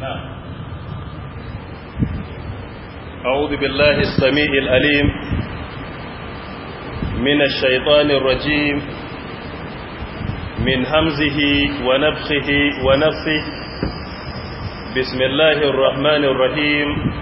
نعم. أعوذ بالله السميع الأليم من الشيطان الرجيم من همزه ونفخه ونفسه بسم الله الرحمن الرحيم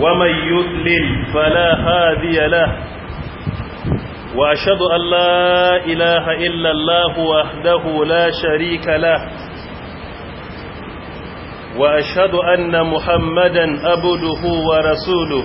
ومن يضلل فلا هادي له وأشهد أن لا إله إلا الله وحده لا شريك له وأشهد أن محمدا أبده ورسوله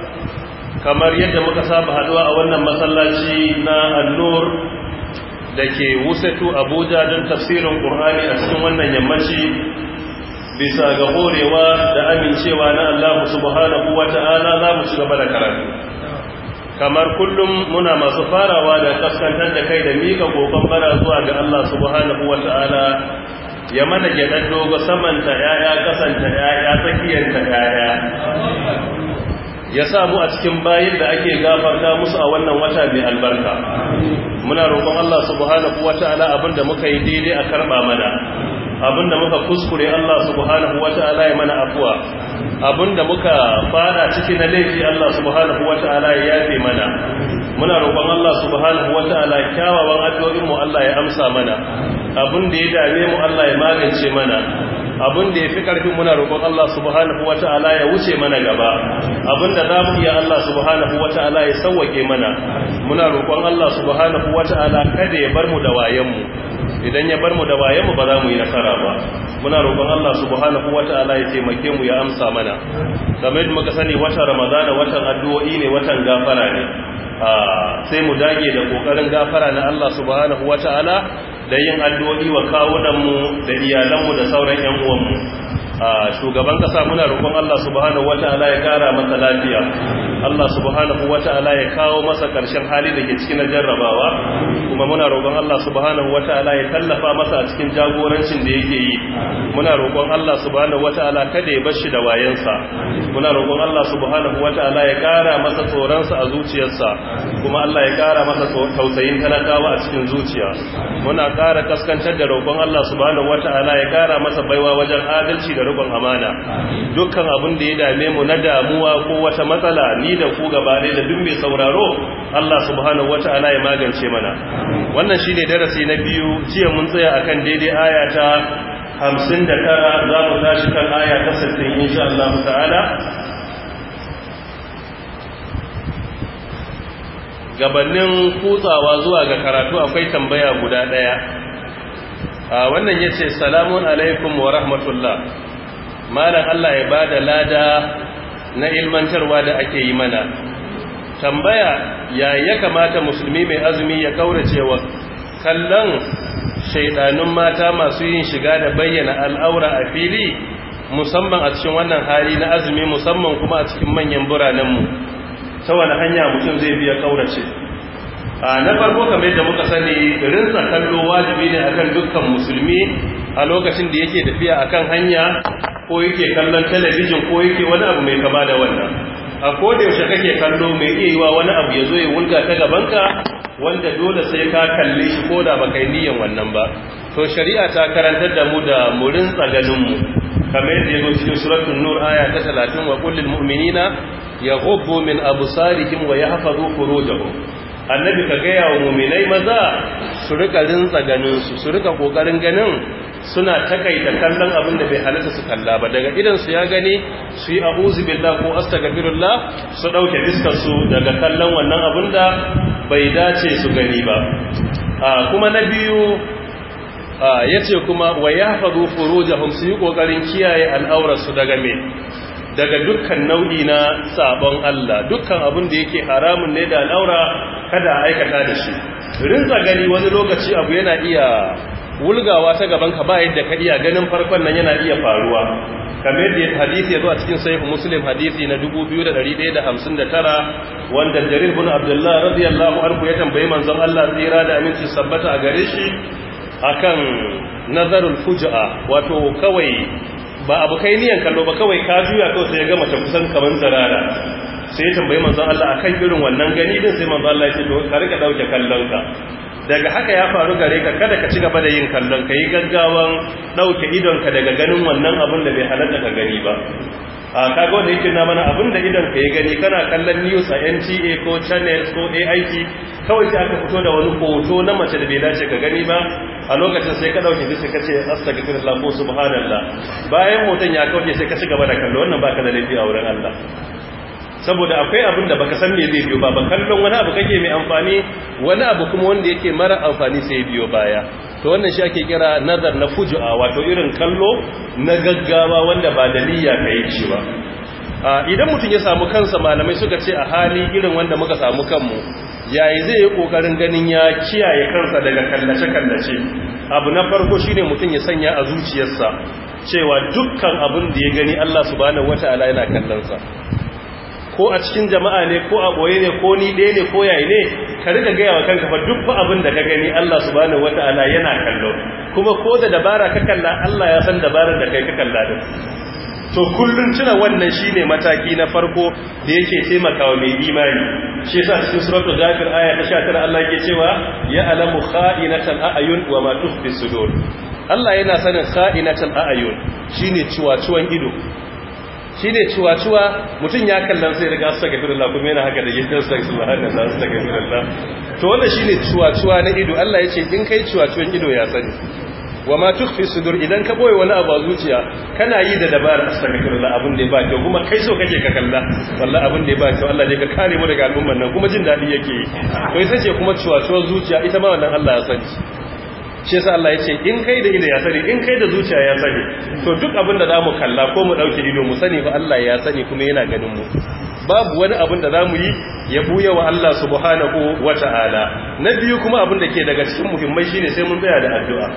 kamar yadda muka saba haduwa a wannan masallaci na annur da ke wusatu abuja don tafsirin ƙur'ani a cikin wannan yammaci bisa ga horewa da amincewa na allah subhanahu wa ta'ala za mu shiga da karatu kamar kullum muna masu farawa da kaskantar da kai da miƙa goban bara zuwa ga allah subhanahu wa ta'ala ya mana gyaɗar dogo samanta 'ya'ya kasanta 'ya'ya ta 'ya'ya ya samu a cikin bayin da ake gafarta musu a wannan wata mai albarka muna roƙon Allah subhanahu wata'ala abinda muka yi daidai a karɓa mana abinda muka kuskure Allah subhanahu wata'ala ya mana afuwa abinda muka fada ciki na laifi Allah subhanahu wata'ala ya yafe mana muna roƙon Allah subhanahu wata'ala kyawawan addu'o'in mu Allah ya amsa mana abinda ya dame mu Allah ya magance mana abin da ya fi ƙarfin muna roƙon Allah subhanahu wa ta'ala ya wuce mana gaba abin da za mu iya Allah subhanahu wa ta'ala ya sauwake mana muna roƙon Allah subhanahu wa ta'ala kada ya bar mu da wayanmu. idan ya bar mu da wayanmu ba za mu yi nasara ba muna roƙon Allah subhanahu wa ta'ala ya taimake mu ya amsa mana kamar yadda muka sani watan ramadana watan addu'o'i ne watan gafara ne ah, sai mu dage da ƙoƙarin gafara na Allah subhanahu ta'ala. da yin addu'o'i wa kawunanmu da iyalanmu da sauran 'yan uwanmu shugaban ƙasa muna roƙon Allah subhanahu wata'ala ya ƙara masa lafiya Allah subhanahu wata'ala ya kawo masa ƙarshen hali da ke cikin jarrabawa kuma muna roƙon Allah subhanahu wataala ya tallafa masa a cikin jagorancin da yake yi muna roƙon Allah subhanahu wataala kada ya bar shi da wayansa muna roƙon Allah subhanahu wataala ya ƙara masa tsoronsa a zuciyarsa kuma Allah ya ƙara masa tausayin talakawa a cikin zuciya muna ƙara kaskantar da roƙon Allah subhanahu wataala ya ƙara masa baiwa wajen adalci da riƙon amana dukkan abin da ya dame mu na damuwa ko wata matsala ni da ku gaba da duk mai sauraro Allah subhanahu wataala ya magance mana wannan shi ne darasi na biyu jiya mun tsaya kan daidai aya ta hamsin da tara za mu tashi kan aya ta sassin insha Allah ta'ala gabanin kutsawa zuwa ga karatu akwai tambaya guda ɗaya wannan ya ce salamun alaikum wa rahmatullah malam Allah ya ba da lada na ilmantarwa da ake yi mana tambaya ya ya kamata musulmi mai azumi ya kaurace cewa kallon shaidanun mata masu yin shiga da bayyana al'aura a fili musamman a cikin wannan hali na azumi musamman kuma a cikin manyan biranenmu ta wani hanya mutum zai biya kaurace na farko kamar yadda muka sani rinsa kallo wajibi ne akan dukkan musulmi a lokacin da yake tafiya akan hanya ko yake kallon talabijin ko yake wani abu mai kama da wannan a koda yaushe kake kallo mai iya yiwa wani abu ya zo ya wulga ta gabanka wanda dole sai ka kalli shi ko da baka yi niyyar wannan ba to shari'a ta karantar da mu da murin tsaganinmu kamar yadda ya zo cikin suratul nur aya ta Talatin wa qul lil mu'minina yaghuddu min absarihim wa yahfazu furujahum annabi ka gaya wa muminai maza su rika tsaganin su su rika kokarin ganin suna takaita kallon abin da bai halitta su kalla ba daga su ya gani su yi a'udhu billahi ko astaghfirullah su dauke fiskar su daga kallon wannan abin da bai dace su gani ba kuma na biyu yace kuma wa yahfazu furujahum su yi ƙoƙarin kiyaye al'aurarsu daga me daga dukkan nau'i na sabon Allah dukkan abin da yake haramun ne da al'aura kada aikata da shi rinza gani wani lokaci abu yana iya wulgawa ta gaban ka ba yadda ka iya ganin farkon nan yana iya faruwa kamar yadda hadisi ya zo a cikin sahih muslim hadisi na 2159 wanda jarir bin abdullah radiyallahu anhu ya tambaye manzon Allah tsira da aminci sabbata a gare shi akan nazarul fujaa wato kawai ba abu kai niyan kallo ba kawai ka juya kawai sai ya gama ta kusan kaman zarara sai ya tambaye manzon Allah akan irin wannan gani din sai manzon Allah ya ce to ka rika dauke kallon ka daga haka ya faru gare ka kada ka ci gaba da yin kallon ka yi gaggawan ɗauke idonka daga ganin wannan abin da bai halatta ka gani ba a kaga da yake na mana abin da idon ka ya gani kana kallon news a NTA ko channels ko AIT kawai sai aka fito da wani hoto na mace da bai dace ka gani ba a lokacin sai ka dauke sai ka ce astaghfirullah ko subhanallah bayan hoton ya kauce sai ka ci gaba da kallo wannan baka da laifi a wurin Allah saboda akwai abin da baka san me zai biyo ba ba kallon wani abu kake mai amfani wani abu kuma wanda yake mara amfani sai biyo baya to wannan shi ake kira nazar na fujua wato irin kallo na gaggawa wanda ba daliya kai shi ba idan mutum ya samu kansa malamai suka ce a hali irin wanda muka samu kanmu yayi zai yi kokarin ganin ya kiyaye kansa daga kallace kallace abu na farko shine mutum ya sanya a zuciyarsa cewa dukkan abin da ya gani Allah subhanahu wataala yana kallonsa ko a cikin jama'a ne ko a boye ne ko ni ɗaya ne ko yayi ne ka rika gaya wa kanka fa duk fa abin da ka gani Allah subhanahu wataala yana kallo kuma ko da dabara ka kalla Allah ya san dabarar da kai ka kalla din to kullun tuna wannan shine mataki na farko da yake taimakawa mai imani shi yasa cikin suratul ghafir aya ta 19 Allah yake cewa ya alamu kha'inatal a'yun wa ma tukhfi sudur Allah yana sanin kha'inatal a'yun shine ciwon ido shi ne ciwa-ciwa mutum ya kallon sai daga gafi gafirullah kuma yana haka da gidan sa su da za su gafirullah to wanda shi ne ciwa-ciwa na ido Allah ya ce in kai ciwa-ciwan ido ya sani wa ma fi sudur idan ka boye wani abu a zuciya kana yi da dabarar astaghfirullah abin da ya ba kyau kuma kai so kake ka kalla Wala abin da ya ba kyau Allah ne ka kare mu daga al'ummar nan kuma jin daɗi yake yi to sai ce kuma ciwa zuciya ita ma wannan Allah ya sani shi yasa Allah ya ce in kai da ido ya sani in kai da zuciya ya sani to duk abin da zamu kalla ko mu dauke ido mu sani fa Allah ya sani kuma yana ganin mu babu wani abin da zamu yi ya buya wa Allah subhanahu wata'ala na biyu kuma abin da ke daga cikin muhimmai shine sai mun tsaya da addu'a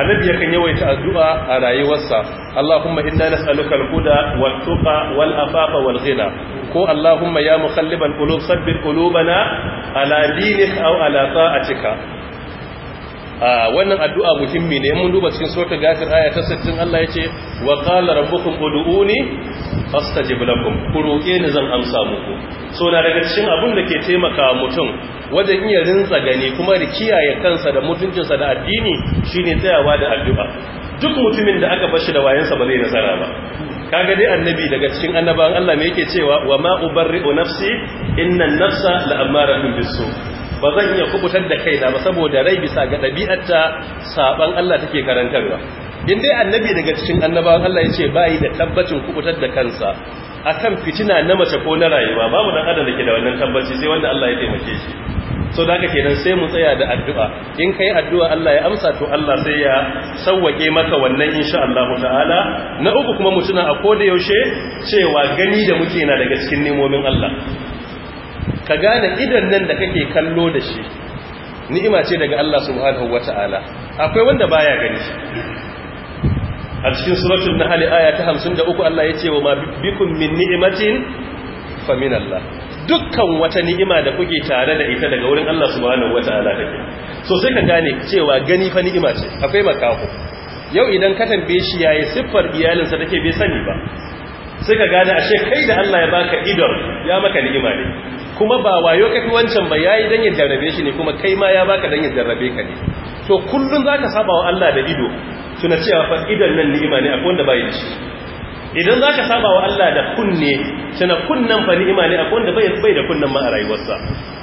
annabi yakan yawaita addu'a a rayuwarsa Allahumma inna nas'aluka al-huda wat-tuqa wal-afafa wal-ghina ko Allahumma ya muqallibal qulub sabbit qulubana ala dinika aw ala ta'atika wannan addu'a muhimmi ne mun duba cikin suratul ghafir aya ta 60 Allah ce wa qala rabbukum ud'uni astajib lakum ku roke ni zan amsa muku so na daga cikin abun da ke taimaka mutum wajen iya rinsa gani kuma da kiyaye kansa da mutuncinsa da addini shine tsayawa da addu'a duk mutumin da aka bashi da wayansa ba zai nasara ba kaga dai annabi daga cikin annabawan Allah ne yake cewa wa ma ubarri'u nafsi innan nafsa la'amaratun bis-su ba zan iya kubutar da kaina ba saboda rai bisa ga ɗabi'arta saban Allah take karantarwa in dai annabi daga cikin annabawan Allah ya ce bayi da tabbacin kubutar da kansa akan fitina na mace ko na rayuwa babu dan adam da ke da wannan tabbaci sai wanda Allah ya taimake shi so da kenan sai mu tsaya da addu'a in ka yi addu'a Allah ya amsa to Allah sai ya sauwake maka wannan insha Allah ta'ala na uku kuma mutuna a kodayaushe yaushe cewa gani da muke na daga cikin nemomin Allah ka gane idan nan da kake kallo da shi ni'ima ce daga Allah subhanahu wata'ala akwai wanda baya gani a cikin suratul nahl aya ta 53 Allah ya ce wa ma bikum min ni'matin fa min Allah dukkan wata ni'ima da kuke tare da ita daga wurin Allah subhanahu wata'ala take so sai ka gane cewa gani fa ni'ima ce akwai makaho yau idan ka tambaye shi yayi siffar iyalinsa take bai sani ba sai ka gane ashe kai da Allah ya baka idon ya maka ni'ima ne kuma ba wayo kafi wancan ba yayi dan ya jarrabe shi ne kuma kai ma ya baka dan ya jarrabe ka ne to kullun zaka saba wa Allah da ido tuna cewa fa idan nan ni'ima ne akwai wanda bai da shi idan zaka saba wa Allah da kunne tuna kunnan fa ni'ima ne akwai wanda bai bai da kunnan ma a rayuwarsa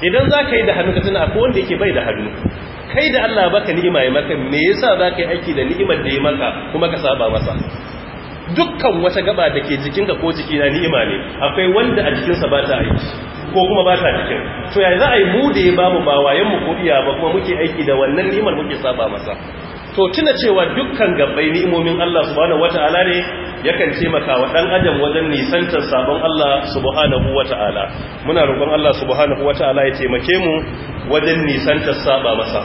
idan zaka yi da hannu ka tuna akwai wanda yake bai da hannu kai da Allah baka ni'ima ya maka me yasa zaka yi aiki da ni'imar da ya maka kuma ka saba masa dukkan wata gaba da ke jikinka ko jikina ni'ima ne akwai wanda a jikinsa ba ta aiki ko kuma ba ta cikin To yayi za a yi mu da ya babu ba wayen mu ko iya ba kuma muke aiki da wannan ni'imar muke saba masa to tuna cewa dukkan gabbai ni'imomin Allah subhanahu wata'ala ne yakan taimakawa wa dan adam wajen nisantar sabon Allah subhanahu wata'ala muna roƙon Allah subhanahu wata'ala ya taimake mu wajen nisantar saba masa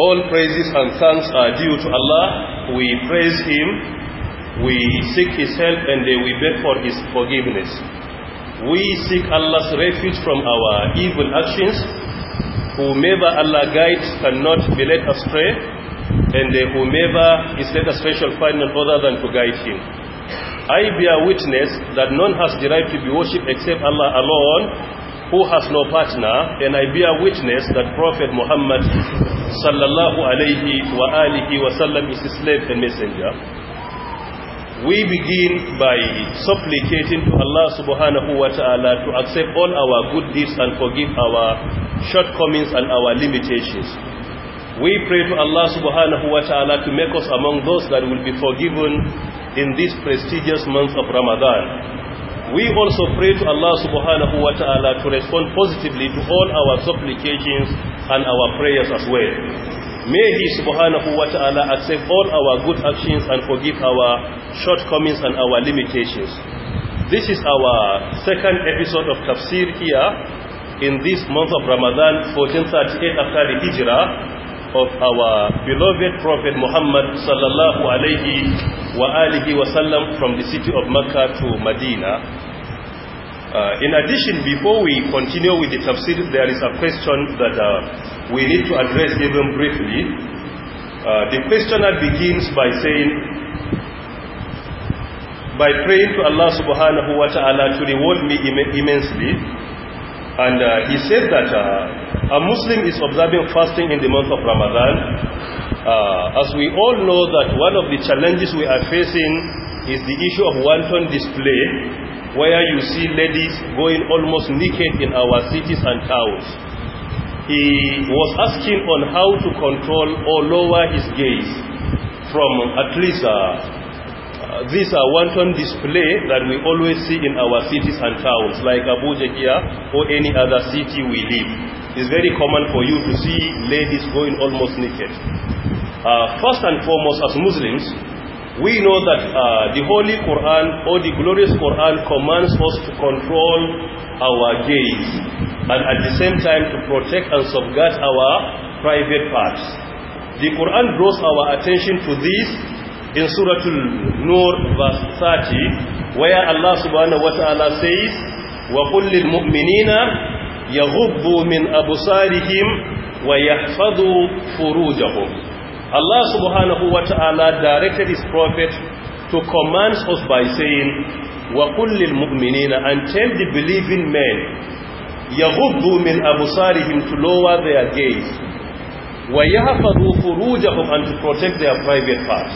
all praises and thanks are due to Allah we praise him we seek his help and we beg for his forgiveness we seek Allah's refuge from our evil actions whomever Allah guides cannot be led astray and whomever is led astray shall find none other than to guide him I bear witness that none has the right to be worshipped except Allah alone who has no partner and I bear witness that Prophet Muhammad sallallahu alayhi wa alihi wa sallam is his slave and messenger we begin by supplicating to Allah subhanahu wa ta'ala to accept all our good deeds and forgive our shortcomings and our limitations. We pray to Allah subhanahu wa ta'ala to make us among those that will be forgiven in this prestigious month of Ramadan. We also pray to Allah subhanahu wa ta'ala to respond positively to all our supplications and our prayers as well. May He subhanahu wa ta'ala accept all our good actions and forgive our shortcomings and our limitations. This is our second episode of Tafsir here in this month of Ramadan 1438 after the Hijrah of our beloved Prophet Muhammad sallallahu alayhi wa alihi wa sallam from the city of Mecca to Medina. Uh, in addition, before we continue with the tafsir, there is a question that uh, we need to address even briefly. Uh, the questioner begins by saying, by praying to Allah subhanahu wa ta'ala to reward me Im immensely. And uh, he said that uh, a Muslim is observing fasting in the month of Ramadan. Uh, as we all know that one of the challenges we are facing is the issue of wanton display where you see ladies going almost naked in our cities and towns. He was asking on how to control or lower his gaze from at least uh, uh, these wanton display that we always see in our cities and towns like Abuja here or any other city we live. It's very common for you to see ladies going almost naked. Uh, first and foremost as Muslims, We know that uh, the Holy Quran or the glorious Quran commands us to control our gaze and at the same time to protect and safeguard our private parts. The Quran draws our attention to this in Surah Al-Nur verse 30 where Allah subhanahu wa ta'ala says وَقُلْ لِلْمُؤْمِنِينَ يَغُبُّوا مِنْ أَبُصَارِهِمْ وَيَحْفَظُوا فُرُوجَهُمْ Allah subhanahu wa ta'ala directed his prophet to command us by saying, وَقُلِّ الْمُؤْمِنِينَ And tell the believing men, يَغُضُّ مِنْ أَبُصَارِهِمْ To lower their gaze. وَيَحْفَظُوا فُرُوجَهُمْ And to protect their private parts.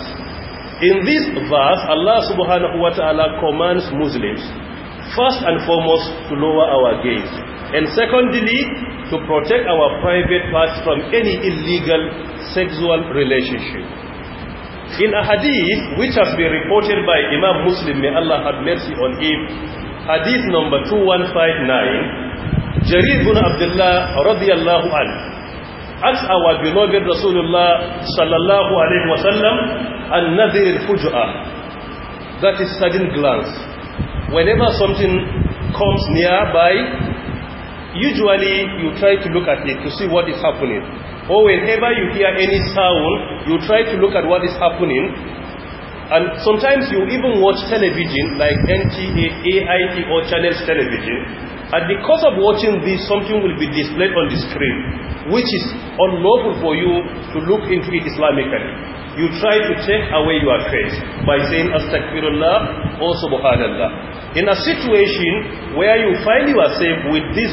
In this verse, Allah subhanahu wa ta'ala commands Muslims, first and foremost, to lower our gaze. And secondly, to protect our private parts from any illegal sexual relationship. In a hadith which has been reported by Imam Muslim, may Allah have mercy on him, hadith number 2159, Jarir bin Abdullah radiyallahu an, asked our beloved Rasulullah sallallahu alayhi wa sallam, an-nadhir al-fuj'ah, that is sudden glance. Whenever something comes nearby, usually you try to look at it to see what is happening. or whenever you hear any sound, you try to look at what is happening. And sometimes you even watch television like NTA, AIT or channels television. At the of watching this, something will be displayed on the screen, which is unlawful for you to look into it Islamically. You try to take away your face by saying Astaghfirullah or Subhanallah. In a situation where you find yourself with this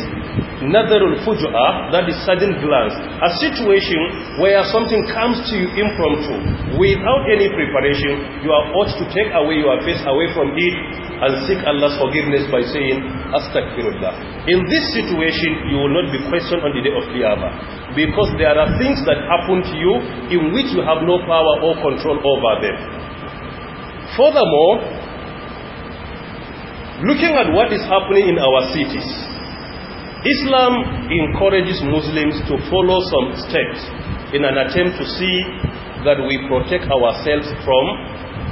Natharul fujua, that is sudden glance. A situation where something comes to you impromptu, without any preparation, you are ought to take away your face away from it and seek Allah's forgiveness by saying, Astaghfirullah. In this situation, you will not be questioned on the day of Qiyamah. Because there are things that happen to you in which you have no power or control over them. Furthermore, looking at what is happening in our cities, Islam encourages Muslims to follow some steps in an attempt to see that we protect ourselves from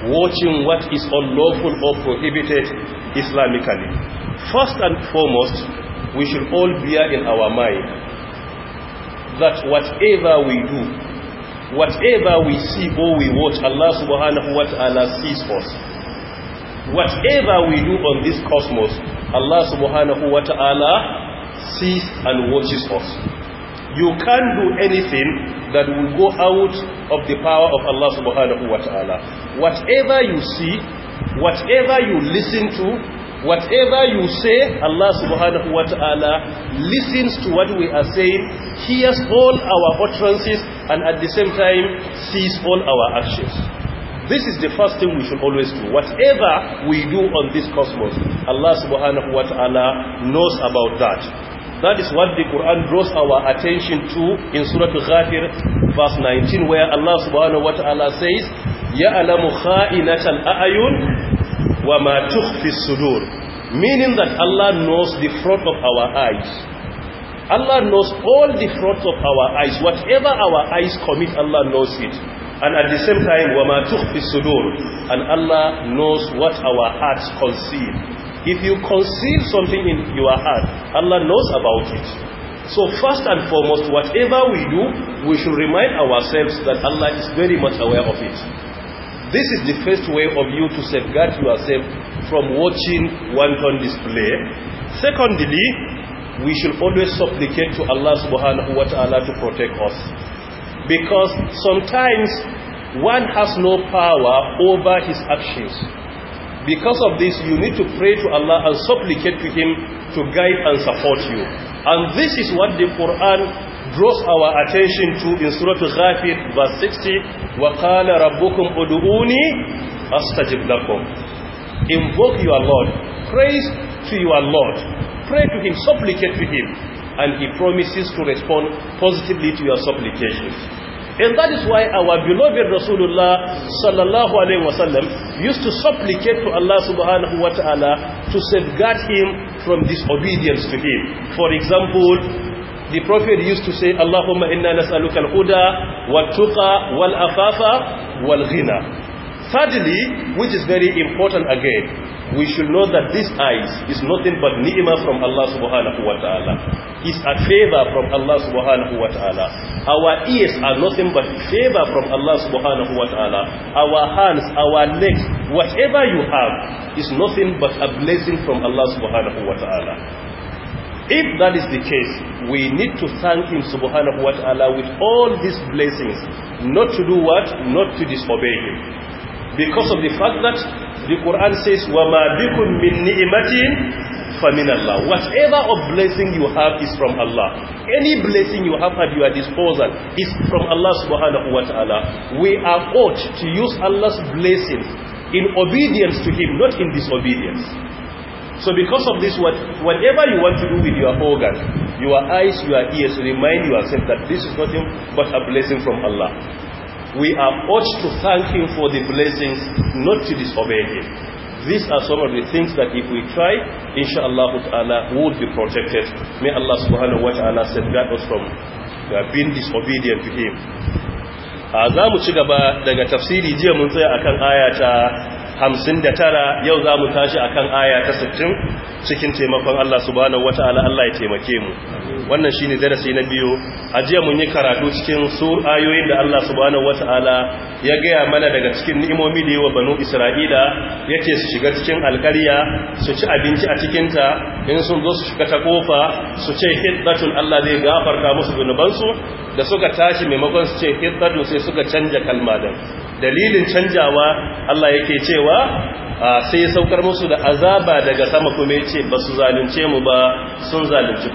watching what is unlawful or prohibited Islamically. First and foremost, we should all bear in our mind that whatever we do, whatever we see or we watch, Allah subhanahu wa ta'ala sees us. Whatever we do on this cosmos, Allah subhanahu wa ta'ala sees and watches us. You can't do anything that will go out of the power of Allah subhanahu wa ta'ala. Whatever you see, whatever you listen to, whatever you say, Allah subhanahu wa ta'ala listens to what we are saying, hears all our utterances, and at the same time sees all our actions. This is the first thing we should always do. Whatever we do on this cosmos, Allah subhanahu wa ta'ala knows about that. That is what the Quran draws our attention to in Surah Al-Ghafir verse 19 where Allah subhanahu wa ta'ala says, يَعْلَمُ خَائِنَةَ الْأَعْيُنِ وَمَا تُخْفِ الصُّدُورِ Meaning that Allah knows the front of our eyes. Allah knows all the front of our eyes. Whatever our eyes commit, Allah knows it. And at the same time, وَمَا تُخْفِ الصُّدُورِ And Allah knows what our hearts conceal. If you conceal something in your heart, Allah knows about it. So first and foremost, whatever we do, we should remind ourselves that Allah is very much aware of it. This is the first way of you to safeguard yourself from watching wanton display. Secondly, we should always supplicate to Allah subhanahu wa ta'ala to protect us. Because sometimes one has no power over his actions. Because of this, you need to pray to Allah and supplicate to Him to guide and support you. And this is what the Quran draws our attention to in Surah Ghafir, verse 60, وَقَالَ رَبُّكُمْ أُدُؤُونِي أَسْتَجِبْ لَكُمْ Invoke your Lord. Praise to your Lord. Pray to Him. Supplicate to Him. And He promises to respond positively to your supplications. And that is why our beloved Rasulullah sallallahu alayhi wasallam used to supplicate to Allah subhanahu wa ta'ala to safeguard him from disobedience to him. For example, the prophet used to say Allahumma inna nas'aluka al-huda wa tuqa wal-afafa wal-ghina thirdly which is very important again we should know that this eyes is nothing but ni'mah from Allah subhanahu wa ta'ala. It's a favor from Allah subhanahu wa ta'ala. Our ears are nothing but favor from Allah subhanahu wa ta'ala. Our hands, our legs, whatever you have is nothing but a blessing from Allah subhanahu wa ta'ala. If that is the case, we need to thank Him subhanahu wa ta'ala with all these blessings, not to do what? Not to disobey Him. because of the fact that the Quran says وَمَا بِكُم min نِعْمَةٍ فَمِنَ اللَّهِ whatever of blessing you have is from Allah any blessing you have at your disposal is from Allah subhanahu wa ta'ala we are ought to use Allah's blessings in obedience to him not in disobedience so because of this, what, whatever you want to do with your organs, your eyes, your ears, remind yourself that this is nothing but a blessing from Allah. we are urged to thank him for the blessings, not to disobey him. These are some of the things that if we try, inshallah ta'ala, would be protected. May Allah subhanahu wa ta'ala safeguard us from uh, being disobedient to him. Uh, za mu ci gaba daga tafsiri jiya mun tsaya akan aya ta tara, yau za mu tashi akan aya ta 60 cikin taimakon Allah subhanahu wa ta'ala Allah ya taimake mu. wannan shine darasi na biyu a jiya mun yi karatu cikin sur ayoyin da Allah subhanahu wataala ya gaya mana daga cikin ni'imomi da yawa banu Isra'ila yace su shiga cikin alƙarya su ci abinci a cikin ta in sun zo su shiga ta kofa su ce hiddatun Allah zai gafarta musu zunuban su da suka tashi maimakon su ce hiddatu sai suka canja kalma da dalilin canjawa Allah yake cewa sai saukar musu da azaba daga sama kuma yace ce ba su zalunce mu ba sun zalunci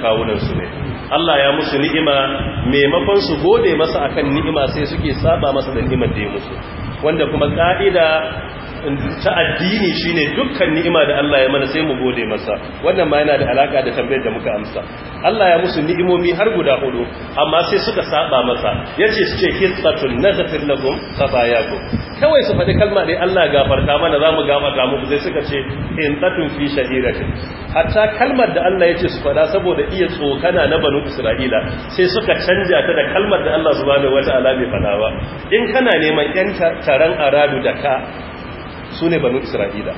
su ne Allah ya musu ni'ima maimakon su gode masa akan ni'ima sai suke saba masa da ni'imar da ya musu wanda kuma ka'ida ta addini shine dukkan ni'ima da Allah ya mana sai mu gode masa wannan ma yana da alaka da tambayar da muka amsa Allah ya musu ni'imomi har guda hudu amma sai suka saba masa yace su ce kisatun nazafir lakum khafayakum kawai su faɗi kalma dai Allah gafarta mana zamu gafarta muku sai suka ce in tatun fi shahiratin hatta kalmar da Allah yace su faɗa saboda iya tsokana na banu Isra'ila sai suka canja ta da kalmar da Allah subhanahu wataala bai faɗa ba in kana neman yan taron aradu da ka su ne banu isra'ila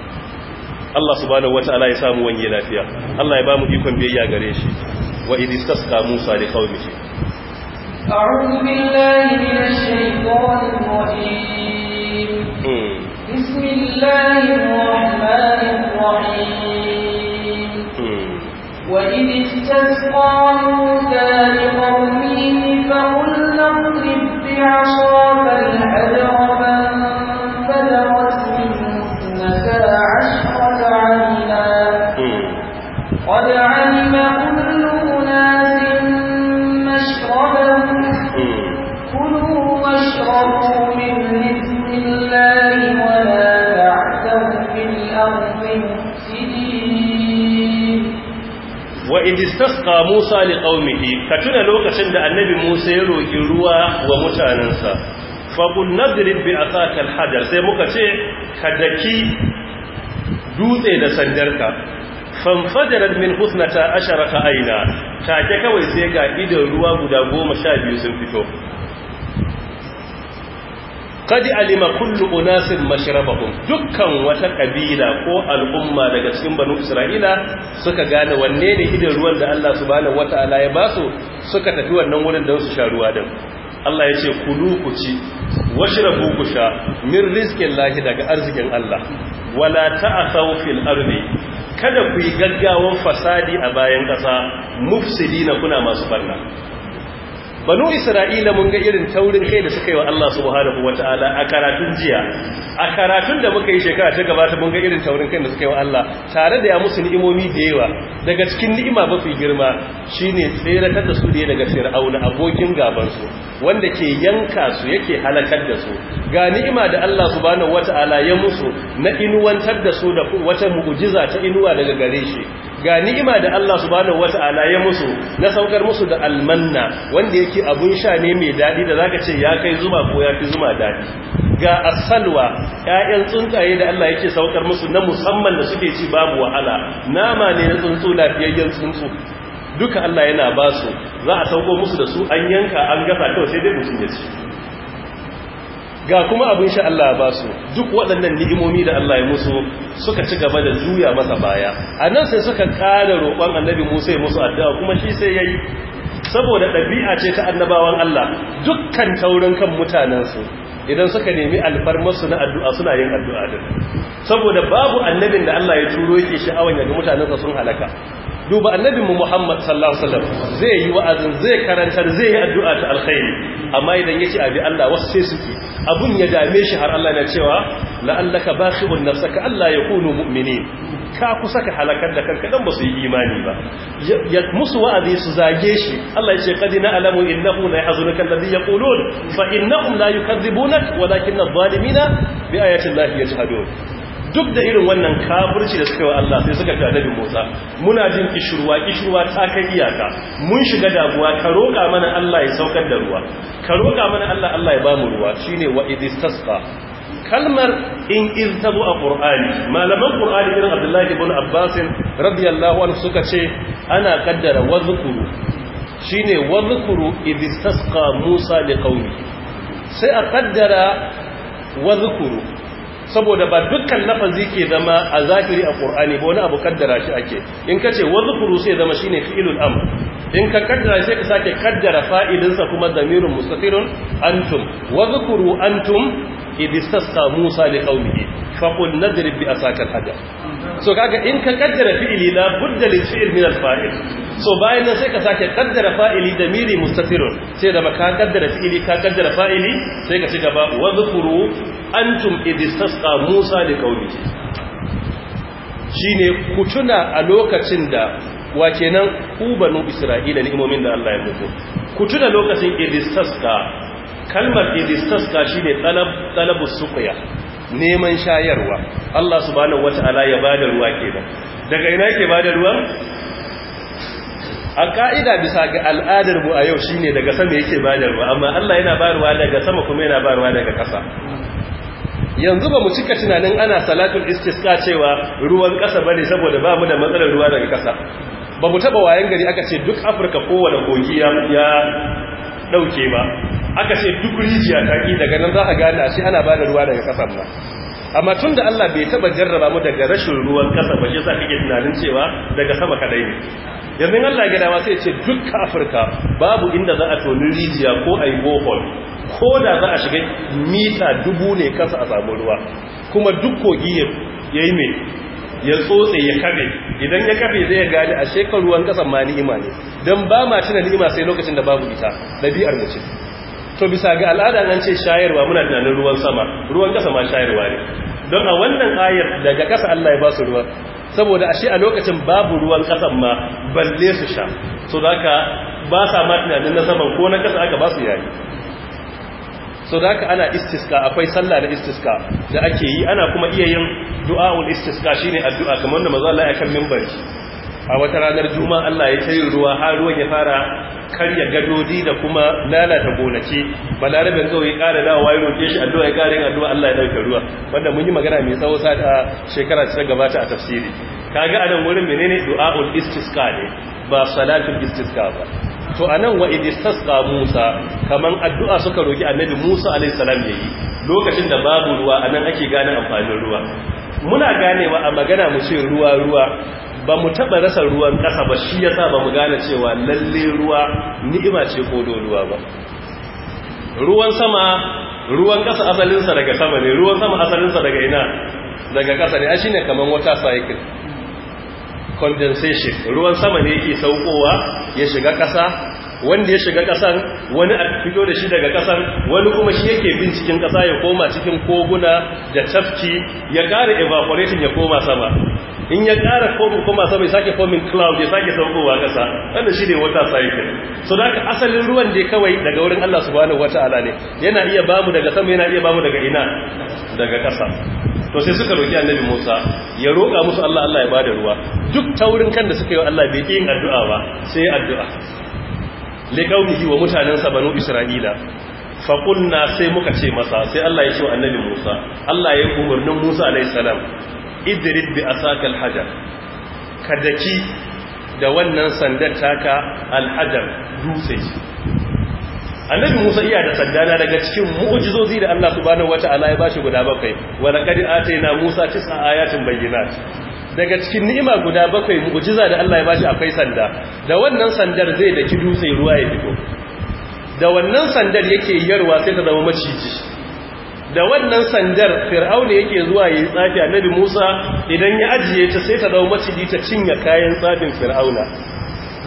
Allah subhanahu wata'ala ya samu wanye lafiya Allah ya ba mu ikon biyayya gare shi wa idis istasqa Musa li qaumihi أعوذ بالله من الشيطان الرجيم hmm. بسم الله الرحمن الرحيم وإذ استسقى موسى لقومه فقل اضرب بعصاك الحجر istasqa Musa ni liqaumihi tuna lokacin da annabi Musa ya roki ruwa wa mutanensa. fa kun nadrib bi asaka alhajar sai muka ce ka daki. dutse da sandarka fanfajarar min husnata asharata aina take kawai sai ga idan ruwa guda goma sha biyu sun fito kadi alima kullu unasin mashrabahum dukkan wata kabila ko al'umma daga cikin banu isra'ila suka gane wanne ne idan ruwan da Allah subhanahu wataala ya basu suka tafi wannan wurin da su sha ruwa din Allah ya ce kulu ku ci washrabu ku sha min riskin lahi daga arzikin Allah wala a saufin ardi kada ku yi gaggawan fasadi a bayan ƙasa mufsidi na kuna masu barna banu isra'ila mun ga irin taurin kai da suka yi wa Allah subhanahu wataala a karatun jiya a karatun da muka yi shekara ta gabata mun ga irin taurin kai da suka yi wa Allah tare da ya musu ni'imomi da yawa daga cikin ni'ima mafi girma shine tseratar da su daga fir'auna abokin gaban su wanda ke yanka su yake halakar da su ga ni'ima da Allah subhanahu wata'ala ya musu na inuwantar da su da wata mu'jiza ta inuwa daga gare shi ga ni'ima da Allah subhanahu wata'ala ya musu na saukar musu da almanna wanda yake abun sha ne mai dadi da zaka ce ya kai zuma ko ya fi zuma dadi ga asalwa ƴaƴan tsuntsaye da Allah yake saukar musu na musamman da suke ci babu wahala nama ne na tsuntsu lafiyayyen tsuntsu duka Allah yana ba su za a sauko musu da su an yanka an gasa kawai sai dai mutum ya ci ga kuma abin sha Allah ba su duk waɗannan ni'imomi da Allah ya musu suka ci gaba da juya masa baya a nan sai suka ƙara roƙon annabi musa ya musu addu'a kuma shi sai ya yi saboda ɗabi'a ce ta annabawan Allah dukkan taurin kan mutanensu idan suka nemi alfarmarsu na addu'a suna yin addu'a din saboda babu annabin da Allah ya turo yake sha'awan yadda mutanensa sun halaka duba annabinmu Muhammad sallallahu alaihi wasallam zai yi wa'azin zai karantar zai yi addu'a ta alkhairi amma idan yace abi Allah wasu sai suke abun ya dame shi har Allah na cewa la'allaka bakhibun nafsaka Allah yakunu mu'minin ka kusa ka halakar da kanka dan basu yi imani ba ya musu wa'azi su zage shi Allah yace qad alamu innahu la yahzunuka alladhi yaqulun fa innahum la na walakinna adh-dhalimina bi ayati Allah yajhadun duk da irin wannan kafirci da suka yi wa Allah sai suka fi annabi Musa muna jin kishirwa kishirwa ta kai iyaka mun shiga damuwa ka roƙa mana Allah ya saukar da ruwa ka roƙa mana Allah Allah ya bamu ruwa shine wa idistasqa kalmar in iz a qur'ani malaman qur'ani irin Abdullahi ibn Abbas radiyallahu anhu suka ce ana kaddara wazkuru shine wazkuru idistasqa Musa liqaumi sai a kaddara wazkuru saboda ba dukkan lafazi ke zama a zahiri a qur'ani ba wani abu kaddara shi ake in kace wadhkuru sai zama shine fi'ilul amr in ka kaddara sai ka sake kaddara fa'idinsa kuma zamirun mustatirun antum wadhkuru antum idistasqa Musa li qaumihi faqul nadrib bi asaka al-hajar so kaga in ka kaddara fi'ili la budda li fi'l min al-fa'il so bayan nan sai ka sake kaddara fa'ili da miri mustatirun sai da ka kaddara fi'ili ka kaddara fa'ili sai ka ci gaba wa dhkuru antum idistasqa Musa li qaumihi shine ku tuna a lokacin da wa kenan ku banu Isra'ila imomin da Allah ya muku ku tuna lokacin idistasqa kalmar Saska shi ne talabus sukuya neman shayarwa Allah subhanahu wataala ya ba da ruwa ke daga ina yake bada ruwa a ka'ida bisa ga al'adar mu a yau shi ne daga sama yake bada ruwa amma Allah yana ba ruwa daga sama kuma yana ba ruwa daga ƙasa yanzu ba mu cika tunanin ana salatul istisqa cewa ruwan ƙasa bane saboda ba mu da matsalar ruwa daga ƙasa ba mu taba wayan gari aka ce duk Afirka kowane kogi ya dauke ba aka ce duk rijiya ta ƙi daga nan za a gane a shi ana ba da ruwa daga ƙasar ba amma tun da Allah bai taɓa jarraba mu daga rashin ruwan kasa ba shi sa kake tunanin cewa daga sama kaɗai ne yanzu Allah ya gada sai ya ce duk Afirka babu inda za a toni rijiya ko a yi bohol ko da za a shiga mita dubu ne kasa a samu ruwa kuma duk kogi ya yi mai ya tsotse ya kabe idan ya kabe zai gani a shekaruwan kasan ma ni'ima ne don ba ma tuna ni'ima sai lokacin da babu ita ɗabi'ar mu ce to bisa ga al'ada nan ce shayarwa muna tunanin ruwan sama ruwan kasa ma shayarwa ne don a wannan ayar daga kasa Allah ya ba su ruwa saboda ashe a lokacin babu ruwan kasan ma balle su sha so daka ba sa ma tunanin na sama ko na kasa aka ba su yayi so daka ana istiska akwai sallah da istiska da ake yi ana kuma iya yin ul istiska shine addu'a kamar da manzo Allah ya kan a wata ranar juma Allah ya sayi ruwa har ruwan ya fara karya gadodi da kuma lalata gonace balarabin kawai kare dawa ya roke shi addu'a ya kare yin addu'a Allah ya dauke ruwa wanda mun yi magana mai tsawo sata shekara ta gabata a tafsiri kaga anan wurin menene du'aul istisqa ne ba salatul istisqa ba to anan wa idistasqa Musa kaman addu'a suka roki annabi Musa alaihi salam yayi lokacin da babu ruwa anan ake gane amfanin ruwa muna ganewa a magana mu ce ruwa ruwa ba mu taɓa rasa ruwan kasa ba shi yasa ba mu gane cewa lalle ruwa ni'ima ce kodo ruwa ba ruwan sama ruwan ƙasa asalinsa daga sama ne ruwan sama asalinsa daga ina daga ƙasa ne a shi ne kamar wata cycle condensation ruwan sama ne yake saukowa ya shiga ƙasa wanda ya shiga ƙasan wani a fito da shi daga ƙasan wani kuma shi yake bin cikin ƙasa ya koma cikin koguna da tafki ya ƙara evaporation ya koma sama in ya ƙara komin kuma sama ya sake fomin cloud ya sake saukowa ƙasa wanda shi ne wata cycle so da aka asalin ruwan da kawai daga wurin Allah subhanahu Ta'ala ne yana iya bamu daga sama yana iya bamu daga ina daga ƙasa to sai suka roki annabi Musa ya roƙa musu Allah Allah ya bada ruwa duk taurin kan da suka yi wa Allah bai yin addu'a ba sai addu'a qaumihi wa mutanan sabanu banu Isra'ila faƙunna sai muka ce masa sai Allah ya ce wa annabi Musa Allah ya umarnin Musa alaihi salam. idrid bi asakal hajar ka daki da wannan sandar taka alhajar dutse annabi Musa iya da sanda na daga cikin mu'jizozi da Allah subhanahu wata'ala ya bashi guda bakwai wa laqad atayna Musa tis'a ayatin bayyinat daga cikin ni'ima guda bakwai mu'jiza da Allah ya bashi akwai sanda da wannan sandar zai daki dutse ruwa ya fito da wannan sandar yake yarwa sai ta zama maciji da wannan sandar fir'auna yake zuwa ya yi tsafi annabi Musa idan ya ajiye ta sai ta dau maciji ta cinye kayan tsafin fir'auna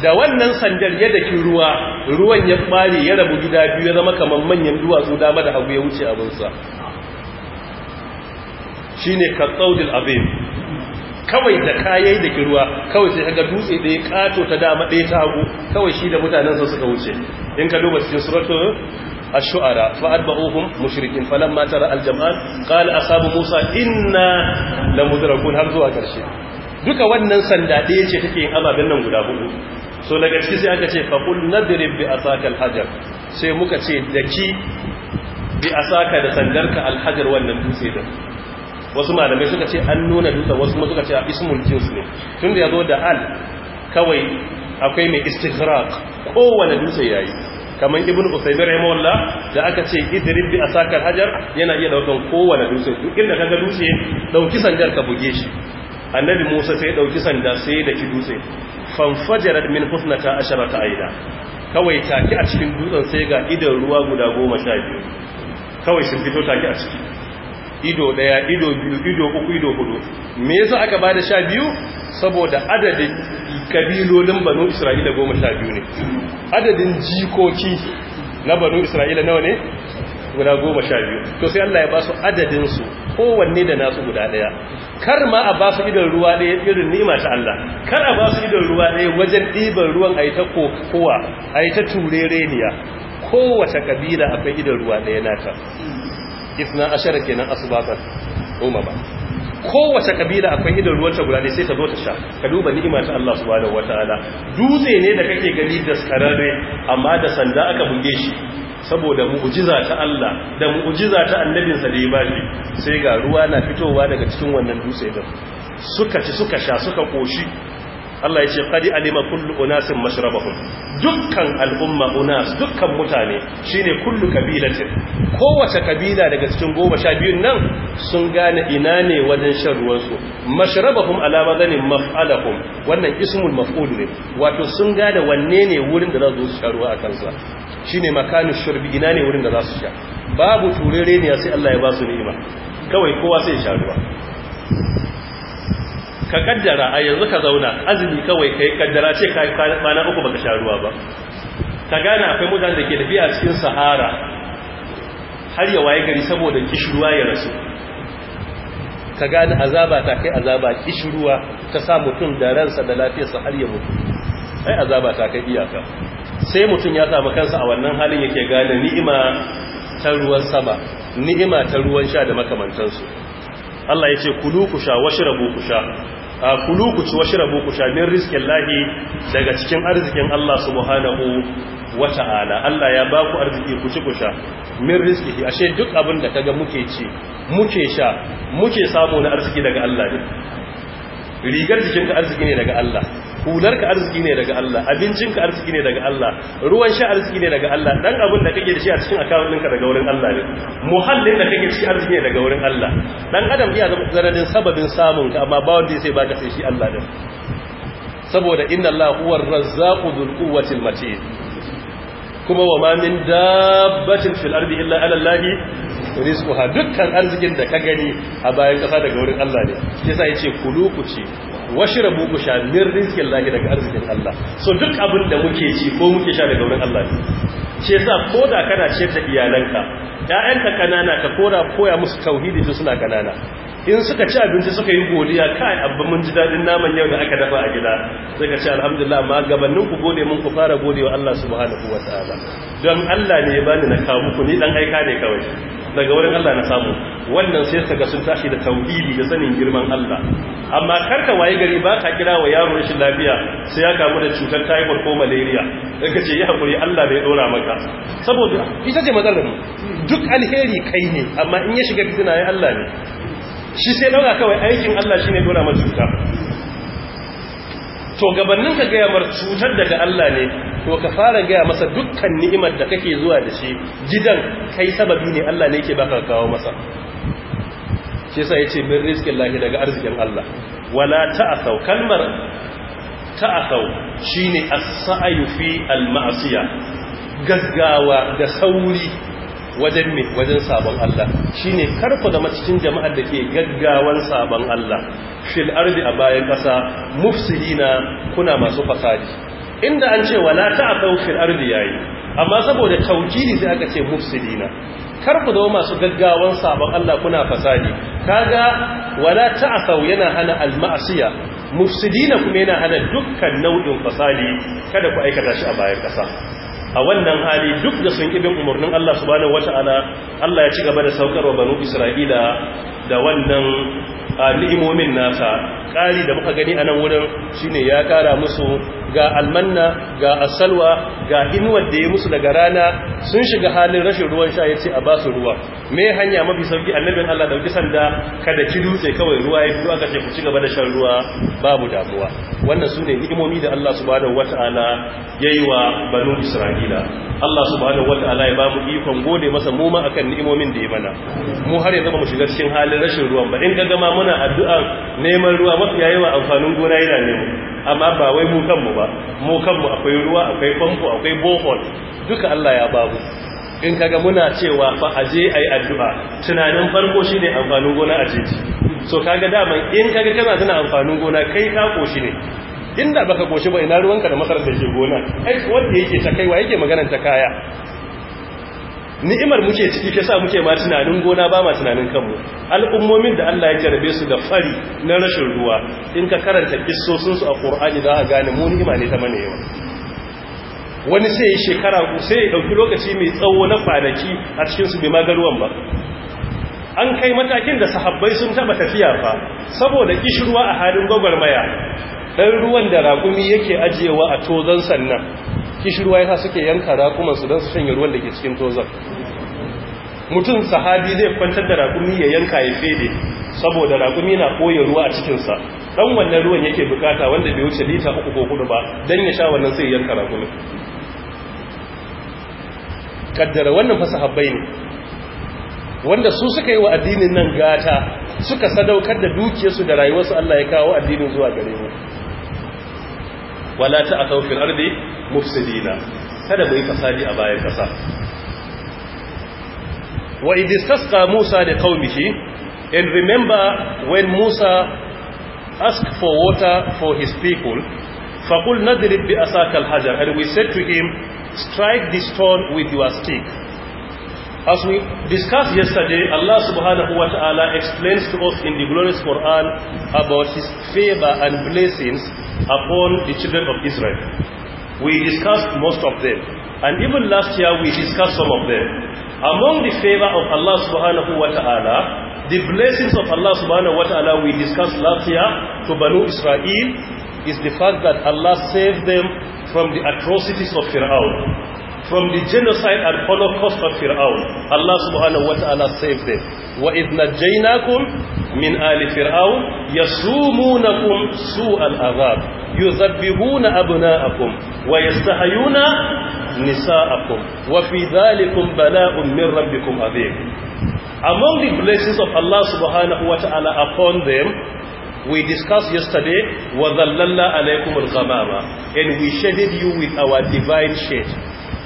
da wannan sandar ya daki ruwa ruwan ya bare ya rabu gida biyu ya zama kamar manyan duwatsu dama da hagu ya wuce abin sa shine katsaudil abin kawai da kayai da ruwa kawai sai ga dutse da ya kato ta dama ɗaya ta hagu kawai shi da mutanensa suka wuce in ka duba cikin suratul الشعراء فأربعوهم مشركين فلما ترى الجمعان قال أصاب موسى إنا لمدركون har zuwa كرشي duka wannan sanda ɗaya ce take yin ababen nan guda hudu so daga ciki sai aka ce faƙul nadrib bi asakal Alhajar sai muka ce daki bi asaka da sandarka alhajar wannan dutse din wasu malamai suka ce an nuna dutsen wasu kuma suka ce a ismul jins ne tunda yazo da al kawai akwai mai istighraq kowane dutse yayi kamar ibn usaymin rahimahullah da aka ce idrib bi asakar hajar yana iya daukan kowane dutse duk inda kaga dutse dauki sandar ka buge shi annabi musa sai dauki sanda sai da ki dutse fanfajarat min husnata asharata aida kawai take a cikin dutsen sai ga idan ruwa guda goma sha biyu kawai sun fito take a ciki ido daya ido biyu ido uku ido hudu me yasa aka bada sha biyu saboda adadin kabilolin banu isra'ila goma sha biyu ne adadin jikoki na banu isra'ila nawa ne guda goma sha biyu to sai Allah ya ba su adadinsu kowanne da nasu guda ɗaya kar ma a ba su idan ruwa daya irin nima ta Allah kar a ba su idan ruwa daya wajen ɗiban ruwan a yi ta kowa, a yi ta turereniya kowace kabila akwai idan ruwa daya nata isna shara kenan asubatan ba. kowace kabila akwai idan ruwanta guda ne sai ta zo ta sha ka duba ni'ima ta Allah subhanahu wataala dutse ne da kake gani da daskararre amma da sanda aka buge shi saboda mu'jiza ta Allah da mu'jiza ta annabinsa da ya shi sai ga ruwa na fitowa daga cikin wannan dutse din suka ci suka sha suka koshi Allah ya ce qadi alima kullu unasin mashrabahum dukkan al'umma unas dukkan mutane shine kullu kabilatin kowace kabila daga cikin goma sha biyun nan sun gane ina ne wajen shan ruwan su mashrabahum ala madani maf'alahum wannan ismul maf'ul ne wato sun gane wanne ne wurin da za su sha ruwa a kansa shine makanu shurbi ina ne wurin da za su sha babu turere ne sai Allah ya ba su ni'ima kawai kowa sai ya sha ruwa ka kaddara a yanzu ka zauna azumi kawai kai kaddara ce ka kwana uku baka sha ruwa ba ka gane akwai mutane da ke tafiya cikin sahara har ya waye gari saboda kishruwa ya rasu ka gane azaba ta kai azaba kishruwa ta sa mutum da ransa da lafiyarsa har ya mutu ai azaba ta kai iyaka sai mutum ya samu kansa a wannan halin yake gane ni'ima ta ruwan sama ni'ima ta ruwan sha da makamantansu Allah ya ce kulu ku sha rabu ku sha Ah, kulu ku ci rabu ku sha min lahi daga cikin arzikin Allah subhanahu ta'ala. Allah ya ba ku arziki ku ci ku sha min rizqihi ashe duk abin da kaga muke ci muke sha muke samu na arziki daga Allah ne rigar cikin arziki ne daga Allah hularka arziki ne daga Allah abincinka arziki ne daga Allah ruwan sha arziki ne daga Allah dan abin da kake da shi a cikin akawun daga wurin Allah ne muhallin da kake shi arziki ne daga wurin Allah dan adam iya zama zaradin sababin samun ka amma ba wanda sai baka sai shi Allah din saboda inna Allah huwa ar-razzaqu dhul quwwati matin kuma wa ma min dabbatin fil ardi illa ala Allahi rizquha dukkan arzikin da ka gani a bayan kasa daga wurin Allah ne yasa yace kulu ku ce Washira ku sha min rizkin lahi daga arzikin Allah so duk abin da muke ci ko muke sha daga wurin Allah ce sa ko da kana ce ta iyalanka ƴaƴanka kanana ka kora koya musu tauhidi su suna kanana in suka ci abinci suka yi godiya kai abin mun ji dadin naman yau da aka dafa a gida sai ka ce alhamdulillah ma gabanin ku gode mun ku fara gode wa Allah subhanahu wataala don Allah ne ya bani na kawo ku ni dan aika ne kawai daga wurin Allah na samu wannan sai saka sun tashi da tauhidi da sanin girman Allah amma karka waye gari ba ka kira wa yaro rashin lafiya sai ya kamu da cutar typhoid ko malaria in ka ce ya hakuri Allah bai dora maka saboda ita ce matsalar mu duk alheri kai ne amma in ya shiga fitina ya Allah ne shi sai dauka kawai aikin Allah shine dora maka cuta to gabanin ka gaya mar cutar daga Allah ne to ka fara gaya masa dukkan ni'imar da kake zuwa da shi gidan kai sababi ne Allah ne yake baka kawo masa shi yasa yace min rizqin lahi daga arzikin Allah wala ta'asau kalmar ta'asau shine as-sa'yu fi al-ma'siyah gaggawa da sauri wajen me wajen sabon Allah shine karku da cikin jama'ar da ke gaggawan sabon Allah fil arzi a bayan ƙasa mufsidina kuna masu fasadi inda an ce wala ta'tau fil arzi yayi amma saboda taukidi sai aka ce mufsidina kar ku zama masu gaggawan sabon Allah kuna fasadi kaga wala ta'tau yana hana al-ma'siya mufsidina kuma yana hana dukkan nau'in fasadi kada ku aikata shi a bayan ƙasa a wannan hali duk da sun ibin umarnin Allah subhanahu wata'ala Allah ya ci gaba da saukar wa banu Isra'ila da wannan a ni'imomin nasa ƙari da muka gani a nan wurin shine ya ƙara musu ga almanna ga asalwa ga inuwar da ya musu daga rana sun shiga halin rashin ruwan sha ya ce a basu ruwa me hanya mafi sauki annabin Allah dauki sanda kada ki dutse kawai ruwa ya fito aka ce ku ci gaba da shan ruwa babu damuwa wannan sune ni'imomi da Allah subhanahu wata'ala yayi wa banu Isra'ila Allah subhanahu wata'ala ya bamu ikon gode masa mu ma akan ni'imomin da ya mana mu har yanzu ba mu shiga cikin halin rashin ruwan ba in ga muna addu'a neman ruwa mafi yawa amfanin gona yana nemo amma ba wai mu kanmu ba mu kanmu akwai ruwa akwai famfo akwai bohol duka Allah ya babu in kaga muna cewa fa aje ayi addu'a tunanin farko shine amfanin gona a jeji so kaga daman in kaga kana tana amfanin gona kai ka koshi ne inda baka koshi ba ina ruwanka da masarar da ke gona ai wanda yake ta kaiwa yake maganar ta kaya ni'imar muke ciki ke sa muke ma tunanin gona ba ma tunanin kanmu al'ummomin da Allah ya jarabe su da fari na rashin ruwa in ka karanta su a ƙur'ani za a gane mu ni'ima ne ta mana yawa wani sai ya shekara ku sai ya ɗauki lokaci mai tsawo na kwanaki a cikin su bai magaruwan ba an kai matakin da sahabbai sun taɓa tafiya fa saboda kishirwa a halin gwagwarmaya ɗan ruwan da rakumi yake ajiyewa a tozon sannan kishirwa yasa suke yanka rakuman su don su shanye ruwan da ke cikin tozar mutum sahabi zai kwantar da rakumi ya yanka ya fede saboda rakumi na ɓoye ruwa a cikinsa Don wannan ruwan yake bukata wanda bai wuce lita uku ko hudu ba don ya sha wannan sai yanka rakumi kaddara wannan fasa ne wanda su suka yi wa addinin nan gata suka sadaukar da dukiyarsu da rayuwarsu Allah ya kawo addinin zuwa gare mu wala a fil ardi mufsidina kada mu yi fasadi a bayan kasa wa idistasqa Musa li qaumihi and remember when Musa asked for water for his people faqul nadrib bi asaka al-hajar and we said to him strike the stone with your stick as we discussed yesterday Allah subhanahu wa ta'ala explains to us in the glorious Quran about his favor and blessings upon the children of Israel We discussed most of them. And even last year we discussed some of them. Among the favor of Allah subhanahu wa ta'ala, the blessings of Allah subhanahu wa ta'ala we discussed last year to Banu Israel is the fact that Allah saved them from the atrocities of Fir'aun. from the genocide and holocaust of Fir'aun. Allah subhanahu wa ta'ala saved them. وَإِذْ نَجَّيْنَاكُمْ مِنْ آلِ فِرْعَوْنَ يَسُومُونَكُمْ سُوءَ الْعَذَابِ يُذَبِّحُونَ أَبْنَاءَكُمْ وَيَسْتَحْيُونَ نِسَاءَكُمْ وَفِي ذَلِكُمْ بَلَاءٌ مِنْ رَبِّكُمْ عَظِيمٌ Among the blessings of Allah subhanahu wa ta'ala upon them we discussed yesterday وَذَلَّلْنَا عَلَيْكُمُ الْغَمَامَ and we shaded you with our divine shade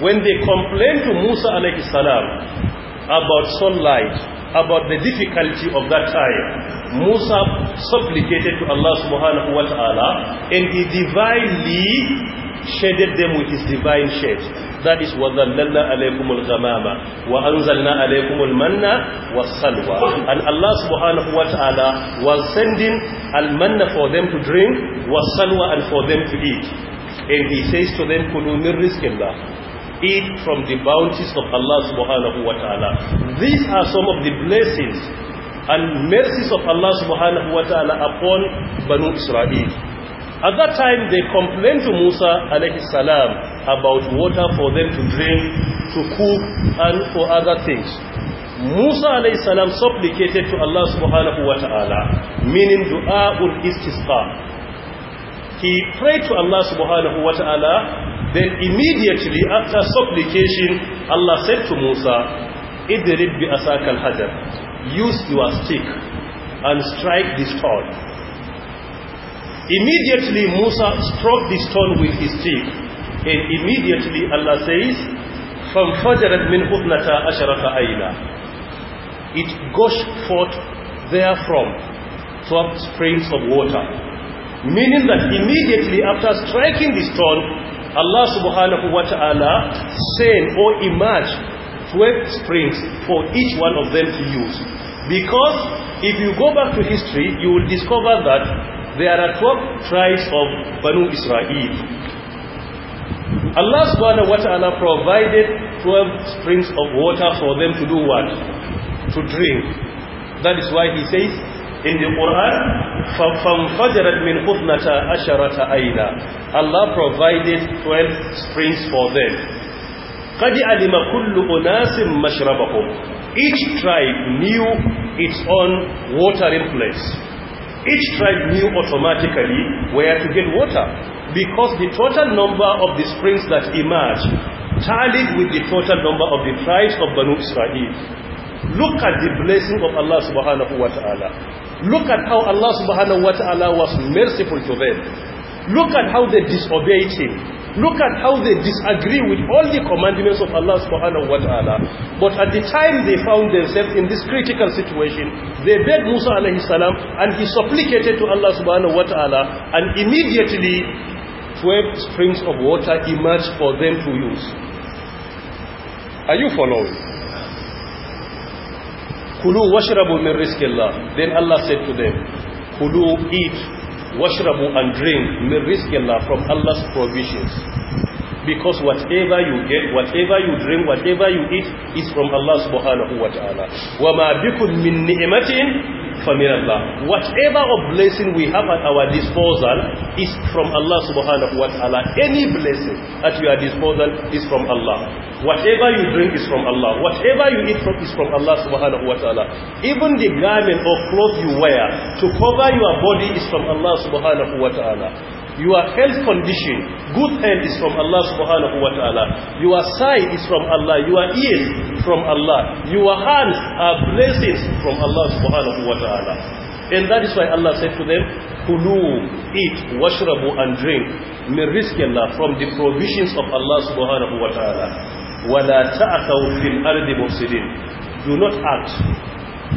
when they complained to Musa alayhi salam about sunlight, about the difficulty of that time, Musa supplicated to Allah subhanahu wa ta'ala and he divinely shaded them with his divine shade. That is وَذَلَّلْنَا عَلَيْكُمُ الْغَمَامَ وَأَنْزَلْنَا عَلَيْكُمُ المَنَّ وَالسَّلْوَى And Allah subhanahu wa ta'ala was sending al-manna for them to drink, wa salwa and for them to eat. And he says to them, كُلُوا مِنْ رِزْكِ اللَّهِ eat from the bounties of Allah subhanahu wa ta'ala. These are some of the blessings and mercies of Allah subhanahu wa ta'ala upon Banu Israel. At that time they complained to Musa alayhi salam about water for them to drink, to cook and for other things. Musa alayhi salam supplicated to Allah subhanahu wa ta'ala, meaning du'a ul istisqa. He prayed to Allah subhanahu wa ta'ala Then immediately after supplication, Allah said to Musa, Idrib bi asak al hajar. Use your stick and strike the stone. Immediately Musa struck the stone with his stick. And immediately Allah says, "From فَانْفَجَرَتْ مِنْ هُدْنَةَ أَشَرَةَ aila." It gushed forth therefrom 12 springs of water. Meaning that immediately after striking the stone, Allah subhanahu wa ta'ala send or emerge 12 springs for each one of them to use. Because if you go back to history, you will discover that there are 12 tribes of Banu Israel. Allah subhanahu wa ta'ala provided 12 springs of water for them to do what? To drink. That is why he says, in the Quran فَانْفَجَرَتْ min Hudnata, Asharata, aida Allah provided 12 springs for them قَدْ alima kullu أُنَاسٍ مَشْرَبَهُمْ Each tribe knew its own watering place. Each tribe knew automatically where to get water because the total number of the springs that emerged tallied with the total number of the tribes of Banu Israel. Look at the blessing of Allah subhanahu wa ta'ala. Look at how Allah subhanahu wa ta'ala was merciful to them. Look at how they disobeyed him. Look at how they disagree with all the commandments of Allah subhanahu wa ta'ala. But at the time they found themselves in this critical situation, they begged Musa alayhi salam and he supplicated to Allah subhanahu wa ta'ala and immediately 12 springs of water emerged for them to use. Are you following? kulu washrabu min rizqillah then Allah said to them kulu eat washrabu and drink min rizqillah from Allah's provisions because whatever you get whatever you drink whatever you eat is from Allah subhanahu wa ta'ala wa ma bikum min ni'matin from Allah. Whatever of blessing we have at our disposal is from Allah subhanahu wa ta'ala. Any blessing at your disposal is from Allah. Whatever you drink is from Allah. Whatever you eat from, is from Allah subhanahu wa ta'ala. Even the garment or cloth you wear to cover your body is from Allah subhanahu wa ta'ala. Your health condition, good health is from Allah subhanahu wa ta'ala. Your sight is from Allah. Your ears from Allah. Your hands are blessings from Allah subhanahu wa ta'ala. And that is why Allah said to them, Kulu, eat, washrabu and drink. Min rizqillah from the provisions of Allah subhanahu wa ta'ala. Wala ta'athaw fil ardi mufsidin. Do not act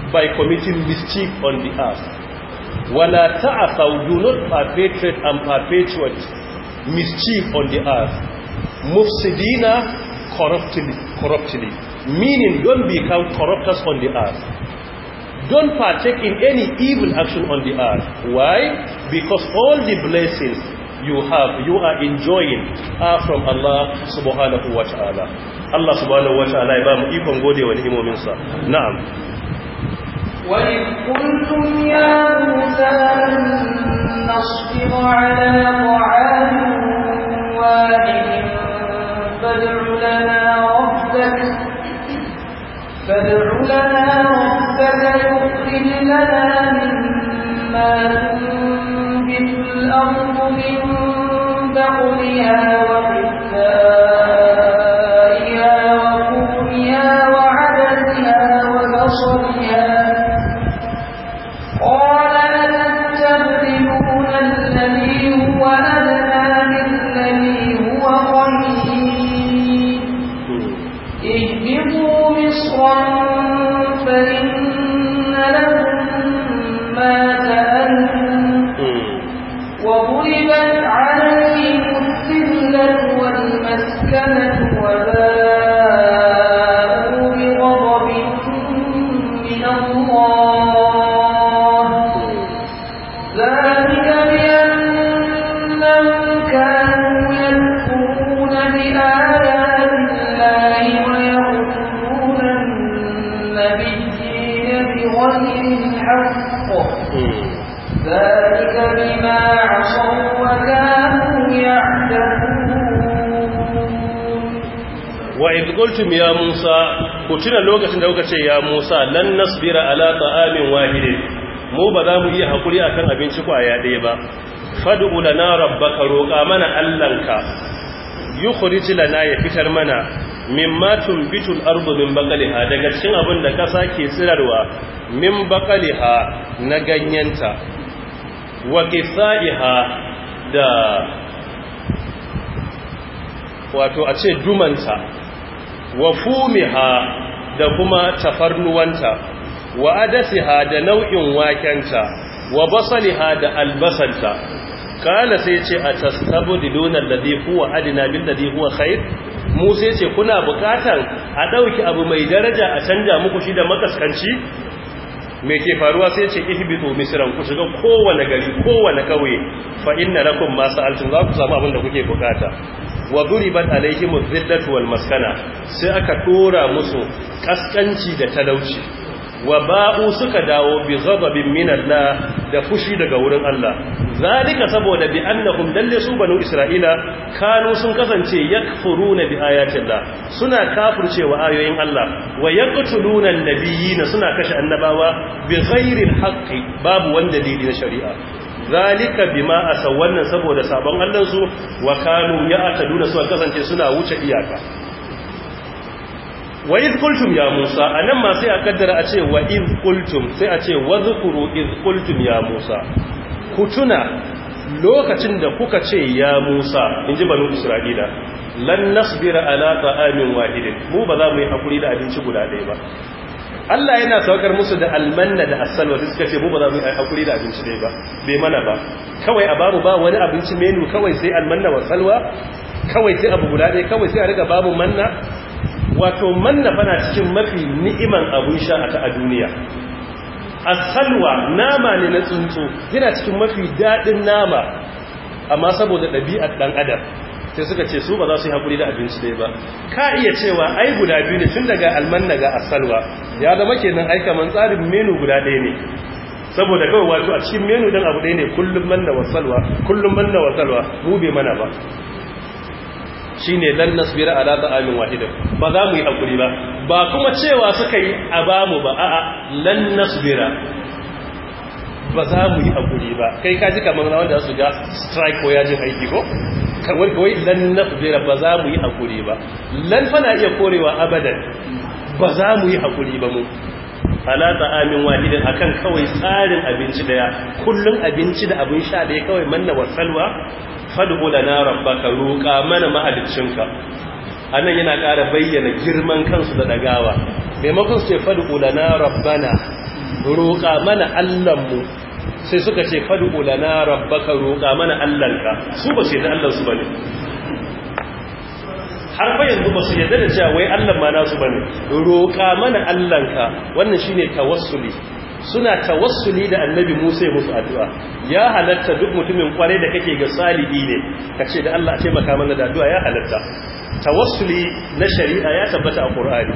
by committing mischief on the earth wala ta'asau do not perpetrate and perpetuate mischief on the earth mufsidina corruptly corruptly meaning don't become corrupters on the earth don't partake in any evil action on the earth why because all the blessings you have you are enjoying are from Allah subhanahu wa ta'ala Allah subhanahu wa ta'ala ya ba ikon gode wa ni'imominsa na'am وإذ قلتم يا موسى لن على طعام واحد فادع لنا ربك فادع لنا ربك يخرج لنا مما تنبت الأرض من بقلها وحسابها kuntum ya Musa ku tuna lokacin da kuka ce ya Musa lan nasbira ala ta'amin wahidin mu ba za mu iya hakuri akan abinci kwaya ɗaya ba fad'u lana rabbaka roƙa mana Allahnka yukhrij lana ya fitar mana mimma bitul ardu min bakaliha daga cikin abin da kasa ke tsirarwa min bakaliha na ganyenta wa kisa'iha da wato a ce dumanta wa fumiha da kuma tafarnuwanta wa adasiha da nau'in wakenta wa basaliha da albasanta kala sai ce a da da alladhi huwa adna bil zai kuwa khair mu sai ce kuna bukatan a dauki abu mai daraja a canja muku shi da makaskanci me ke faruwa sai ce ihbitu misran ku shiga kowane gari kowane kauye fa inna lakum ma sa'altum za ku samu abin da kuke bukata wa duribat alaihim adh-dhillatu wal maskana sai aka ɗora musu kaskanci da talauci wa ba'u suka dawo bi ghadabin min da fushi daga wurin Allah zalika saboda bi annahum su banu isra'ila kanu sun kasance yakfuruna bi ayatillah suna wa ayoyin Allah wa yaqtuluna an-nabiyina suna kashe annabawa bi ghairi al babu wanda dalili na shari'a zalika bima asaw wannan saboda sabon Allah su wa kanu ya'taduna su kasance suna wuce iyaka wa idh qultum ya Musa anan ma sai a kaddara a ce wa izkultum sai a ce wa dhkuru ya Musa ku tuna lokacin da kuka ce ya Musa in ji banu Isra'ila lan nasbira ala amin wahidin mu ba za mu yi hakuri da abinci guda ɗaya ba Allah yana saukar musu da almanna da asalwa da suka ce mu ba za mu yi hakuri da abinci dai ba bai mana ba kawai a babu ba wani abinci menu kawai sai almanna wa salwa kawai sai abu guda ɗaya kawai sai a riga babu manna wato manna fana cikin mafi ni'iman abun sha a duniya asalwa nama ne na tsuntsu yana cikin mafi daɗin nama amma saboda ɗabi'ar ɗan adam sai suka ce su ba za su yi haƙuri da abinci dai ba ka iya cewa ai guda biyu ne tun daga alman ga asalwa ya zama kenan ai kaman tsarin menu guda ɗaya ne saboda kawai wato a cikin menu dan abu ɗaya ne kullum man da wasalwa kullum man da wasalwa mu bai mana ba shi ne lan nasbira ala amin wahidin ba za mu yi hakuri ba ba kuma cewa suka yi a ba mu ba a'a lan nasbira ba za mu yi hakuri ba kai ka ji kamar na wanda su ga strike ko yajin aiki ko kawai kawai lan naqdira ba za mu yi hakuri ba lan fana na iya korewa abadan ba za mu yi hakuri ba mu ala amin wahidin akan kawai tsarin abinci daya kullun abinci da abin sha daya kawai manna wa salwa fad'u lana rabbaka ruqa mana mahaliccinka anan yana ƙara bayyana girman kansu da dagawa maimakon sai fad'u lana rabbana ruqa mana allahnmu sai suka ce fadu ulana rabbaka roƙa mana allanka su ba su da allan su bane har ba yanzu ba su yadda da cewa wai allan ma nasu bane roƙa mana allanka wannan shine tawassuli suna tawassuli da annabi Musa ya musu addu'a ya halatta duk mutumin kwarai da kake ga salibi ne kace da Allah a taimaka mana da addu'a ya halatta tawassuli na shari'a ya tabbata a Qur'ani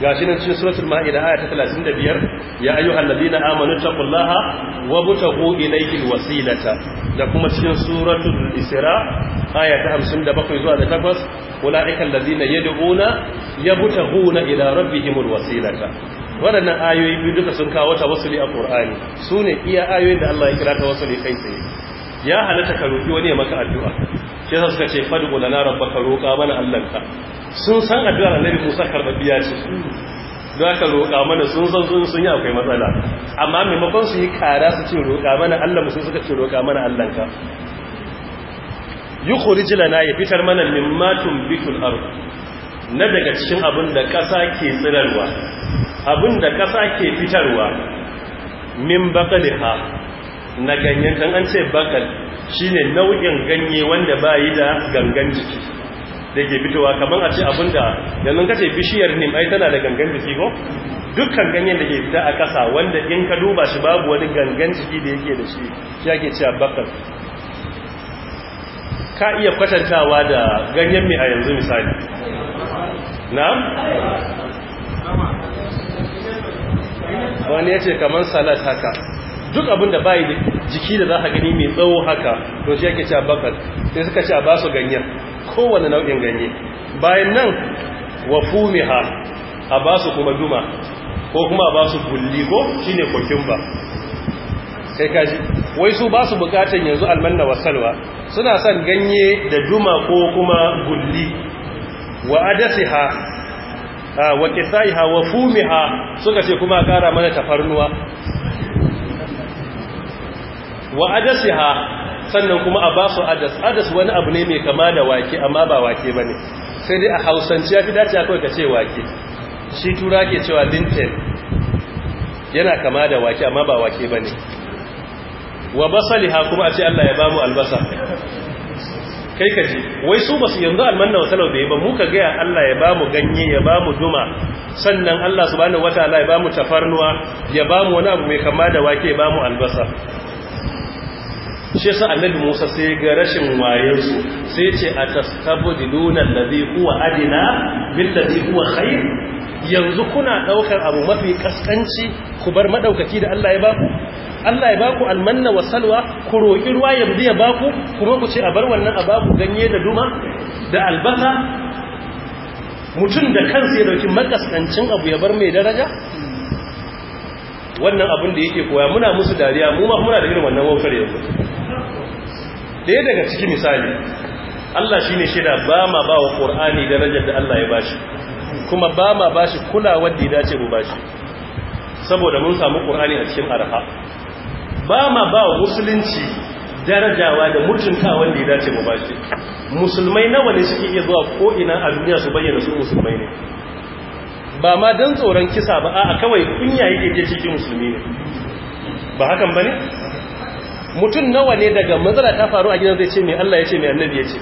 gashi nan cikin suratul ma'ida aya ta 35 ya ayyuhal ladina amanu taqullaha butaqu ilayhi alwasilata da kuma cikin suratul isra aya ta 57 zuwa da 8 ulaika alladina yad'una yabtaghuna ila rabbihim alwasilata Wadannan ayoyi biyu duka sun kawo ta wasuli a Qur'ani sune iya ayoyin da Allah ya kira wasuli kai tsaye ya halatta ka roki wani ya maka addu'a sai suka ce fadu lana rabbaka roka mana allanka. sun san addu'ar annabi musa biya ce za ka roƙa mana sun san sun sun yi akwai matsala amma maimakon su yi kara su ce roƙa mana allah musu suka ce roƙa mana allahnka yi na ya fitar mana mimmatun bitul aru na daga cikin abin da ƙasa ke tsirarwa abin da ƙasa ke fitarwa min ha, na ganyen ɗan an ce baƙal shi ne nau'in ganye wanda ba yi da gangan jiki da ke fitowa kamar a ce da yanzu kace bishiyar ne mai tana da gangan jiki ko dukkan ganyen da ke fita a ƙasa wanda in ka duba shi babu wani gangan jiki da yake da shi shi ake ce bakar ka iya kwatantawa da ganyen mai a yanzu misali na? wani ya ce kamar salat haka duk da bayi jiki da za ka gani mai tsawo haka to shi ake ce bakar sai suka ce a ba su ganyen kowane nau'in ganye bayan nan wa fumiha a ba su kuma duma ko kuma a ba su gulli ko shine ba kai kaji wai su ba su bukatan yanzu almanna wasalwa? suna son ganye da duma ko kuma gulli wa ha wa ha wa fumiha suka ce kuma kara mana tafarnuwa wa ha? sannan kuma a ba su adas adas wani abu ne mai kama da wake amma ba wake ba ne sai dai a hausance ya fi dace kawai ka ce wake shi tura ke cewa lintel yana kama da wake amma ba wake ba ne wa basali ha kuma a ce allah ya ba mu albasa kai ka ji wai su basu yanzu almanna wa salau bai ba mu ka gaya Allah ya ba mu ganye ya ba mu duma sannan Allah subhanahu wataala ya ba mu tafarnuwa ya ba mu wani abu mai kama da wake ya ba mu albasa shi sa annabi Musa sai ga rashin su sai ce a atastabdiluna allazi huwa adina billazi huwa khair yanzu kuna daukar abu mafi kaskanci ku bar madaukaki da Allah ya baku Allah ya baku almanna wa salwa ku roki ruwa yanzu ya baku kuma ku ce a bar wannan a baku ganye da duma da albasa mutum da kansa ya dauki makaskancin abu ya bar mai daraja wannan abin da yake koya muna musu dariya mu ma muna da irin wannan wautar yanzu daya daga ciki misali Allah shi ne shida ba ma ba wa Qur'ani darajar da Allah ya bashi kuma ba ma bashi kulawar da ya dace ba bashi saboda mun samu ƙor'ani a cikin arha ba ma ba wa musulunci darajawa da mutuntawa da ya dace ba bashi musulmai nawa ne suke iya zuwa ko'ina a duniya su bayyana su musulmai ne ba ma don tsoron kisa ba a kawai kunya yake je cikin musulmi ne ba hakan ba ne mutum nawa ne daga matsala ta faru a gidan zai ce mai Allah ya ce mai annabi ya ce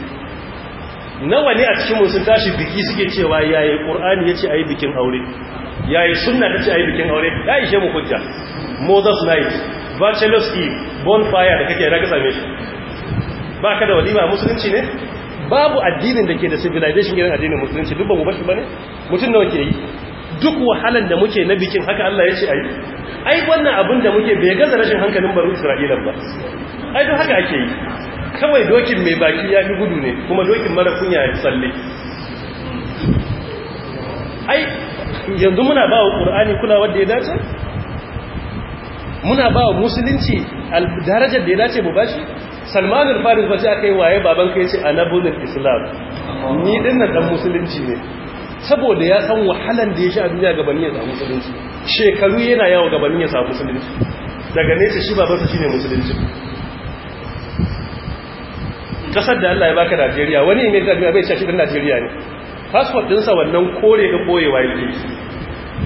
nawa ne a cikin sun tashi biki suke cewa yayi qur'ani yace ayi bikin aure yayi sunna tace ayi bikin aure ya ishe mu hujja moses night bachelor's eve bonfire da kake raka same shi ka da walima musulunci ne babu addinin da ke da civilization irin addinin musulunci duk ba mu bashi bane mutum nawa ke yi duk wahalan da muke na bikin haka Allah ya ce ai ai wannan abin da muke bai gaza rashin hankalin baro Isra'ila ba ai don haka ake yi kawai dokin mai baki ya fi gudu ne kuma dokin mara kunya ya tsalle ai yanzu muna ba wa ƙur'ani kula wadda ya dace muna ba wa musulunci darajar da ya dace mu bashi al faris ba ce aka yi waye baban kai ce a nabunin islam ni dinnan dan musulunci ne saboda ya san wahalan da ya sha duniya gabanin ya samu musulunci shekaru yana yawo gabanin ya samu musulunci daga nesa shi babansa shine musulunci kasar da Allah ya baka Najeriya wani mai zabi bai shafi Najeriya ne Fasfot dinsa wannan kore da koyewa yake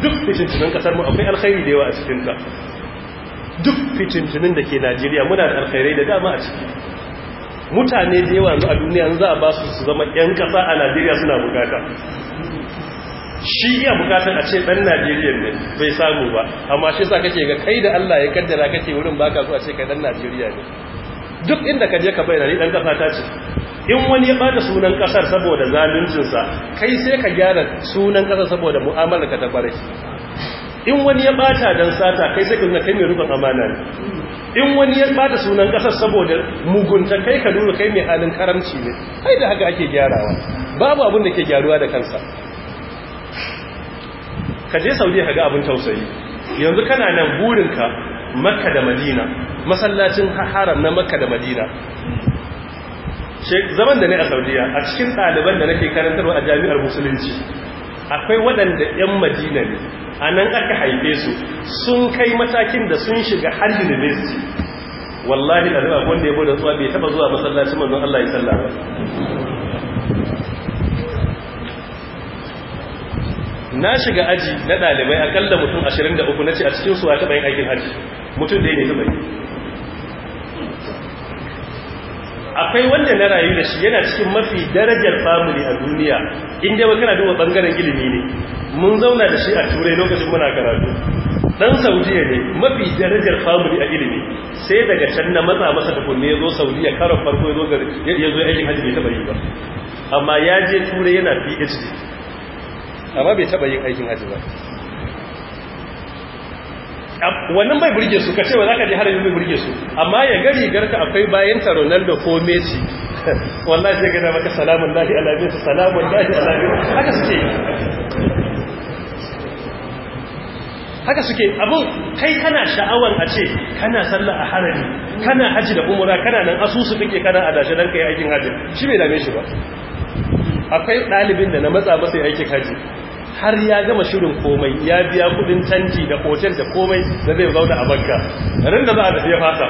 duk fitintinin kasar mu akwai alkhairi da yawa a cikin ta duk fitintinin da ke Najeriya muna da alkhairai da dama a ciki mutane da yawa a duniya za a ba su su zama 'yan kasa a Najeriya suna bukata shi iya bukata a ce dan Najeriya ne bai samu ba amma shi sa kake ga kai da Allah ya kaddara kake wurin baka zuwa a ce kai dan Najeriya ne duk inda ka je ka bayyana ni dan kasa ta ce in wani ya bada sunan kasar saboda zaluncin sa kai sai ka gyara sunan kasar saboda mu'amalar ka ta kwarai in wani ya bata dan sata kai sai ka nuna kai mai rufin amana ne in wani ya bada sunan kasar saboda mugunta kai ka dole kai mai halin karamci ne ai da haka ake gyarawa babu abin da ke gyaruwa da kansa ka je saudiya ka ga abin tausayi yanzu kana nan burinka makka da madina masallacin haram na makka da madina zaman da ne a saudiya a cikin ɗaliban da nake karantarwa a jami'ar musulunci akwai waɗanda 'yan madina ne a nan aka haife su sun kai matakin da sun shiga har university wallahi ɗaliba wanda ya bude zuwa bai taba zuwa masallacin manzon allah ya sallama na shiga aji na dalibai akalla mutum 23 ce a cikin su ya taba yin aikin aji, mutum da ne taba yi akwai wanda na rayu da shi yana cikin mafi darajar famuli a duniya inda wa kana duba bangaren ilimi ne mun zauna da shi a turai lokacin muna karatu dan saudiya ne mafi darajar famuli a ilimi sai daga can na matsa masa kunne ya zo saudiya karon farko ya zo aikin hajji bai taba yi ba amma ya je turai yana phd amma bai taba yin aikin hajji ba wannan bai burge su ka ce ba za ka je harami bai burge su amma ya gari garka akwai bayan ta Ronaldo ko Messi wallahi sai gada maka salamun lahi ala Messi salamun lahi ala haka suke haka suke abu kai kana sha'awan a ce kana sallah a harari, kana haji da umura kana nan asusu kake kana adashi dan kai aikin haji shi bai dame shi ba akwai ɗalibin da na matsa masa aikin haji har ya gama shirin komai ya biya kudin canji da hotel da komai da zai zauna a banka ran da za a tafi ya fasa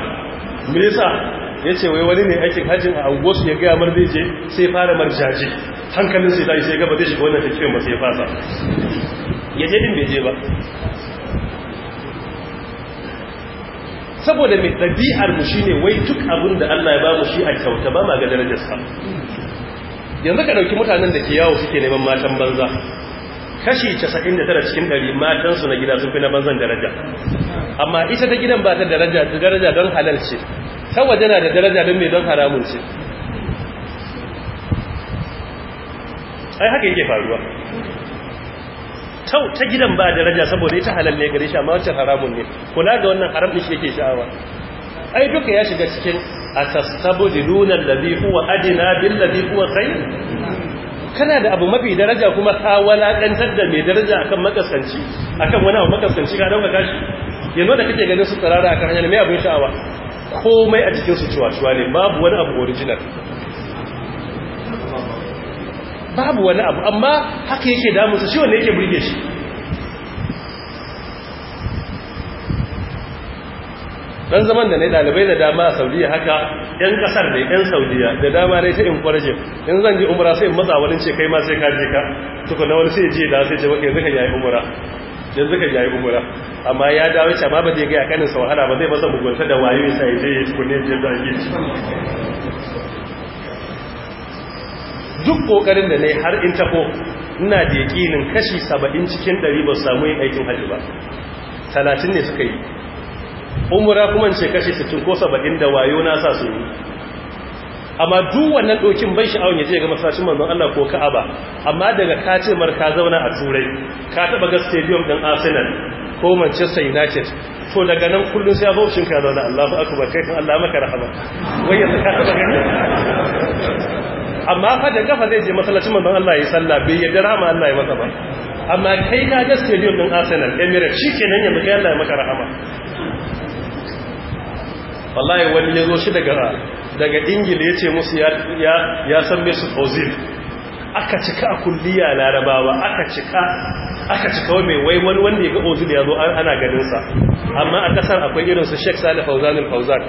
me yasa ya ce wai wani ne aikin hajjin a unguwarsu ya gaya marzai je sai fara marjaji hankalin sai zai sai gaba zai shiga wannan tafiyar ba sai fasa ya je din bai je ba saboda mai ɗabi'ar mu shine wai duk abin da Allah ya ba mu shi a kyauta ba ma ga darajarsa yanzu ka ɗauki mutanen da ke yawo suke neman matan banza kashi 99 cikin 100 matansu na gida sun fi na banzan daraja amma ita ta gidan ba ta daraja ta daraja don halal ce ta waje na da daraja don mai don haramun ce ai haka yake faruwa ta gidan ba daraja saboda ita halal ne gare shi amma wancan haramun ne kula ga wannan haram shi yake sha'awa ai duka ya shiga cikin atastabdiluna alladhi huwa adina bil ladhi huwa khayr kana da abu mafi daraja kuma ka walakantar da mai daraja akan makasanci akan wani abu makasanci ka dauka kashi yanzu da kake ganin su tsarara akan hanyar mai abin sha'awa komai a cikin su ciwa ne babu wani abu original babu wani abu amma haka yake damu su shi wanda yake burge shi dan zaman da ne dalibai da dama a saudiya haka yan kasar ne yan saudiya da dama ne ta in kwarje in zan ji umra sai in matsa wani ce kai ma sai ka je ka tuku na wani sai je da sai ce baka yanzu kan yayi umra yanzu kan yayi umra amma ya dawo ce amma ba zai ga kanin sa wahala ba zai masa mugunta da wayo sai je ya tuku ne je da yake duk kokarin da ne har in tako ina da yakinin kashi 70 cikin 100 ba su samu yin aikin haji ba 30 ne suka yi umura kuma ce kashi 60 ko 70 da wayo na sa su amma duk wannan dokin bai sha'awun ya je ga masallacin manzon Allah ko Ka'aba amma daga ka ce mar ka zauna a Turai ka taba ga stadium din Arsenal ko Manchester United to daga nan kullun sai abokin ka zauna Allahu akbar kai kan Allah maka rahama wai yanzu ka taba gani amma fa da kafa zai je masallacin manzon Allah ya salla bai yadda rahama Allah ya masa ba amma kai ka ga stadium din Arsenal Emirates shikenan yanzu kai Allah ya maka rahama wallahi wani ya zo shi daga daga ingila ya ce musu ya san mesu fauzil aka cika a kulliya larabawa aka cika aka cika wai wai wani wanda ya ga ozil ya zo ana ganinsa amma a kasar akwai irinsu sheik salih fauzanin fauzan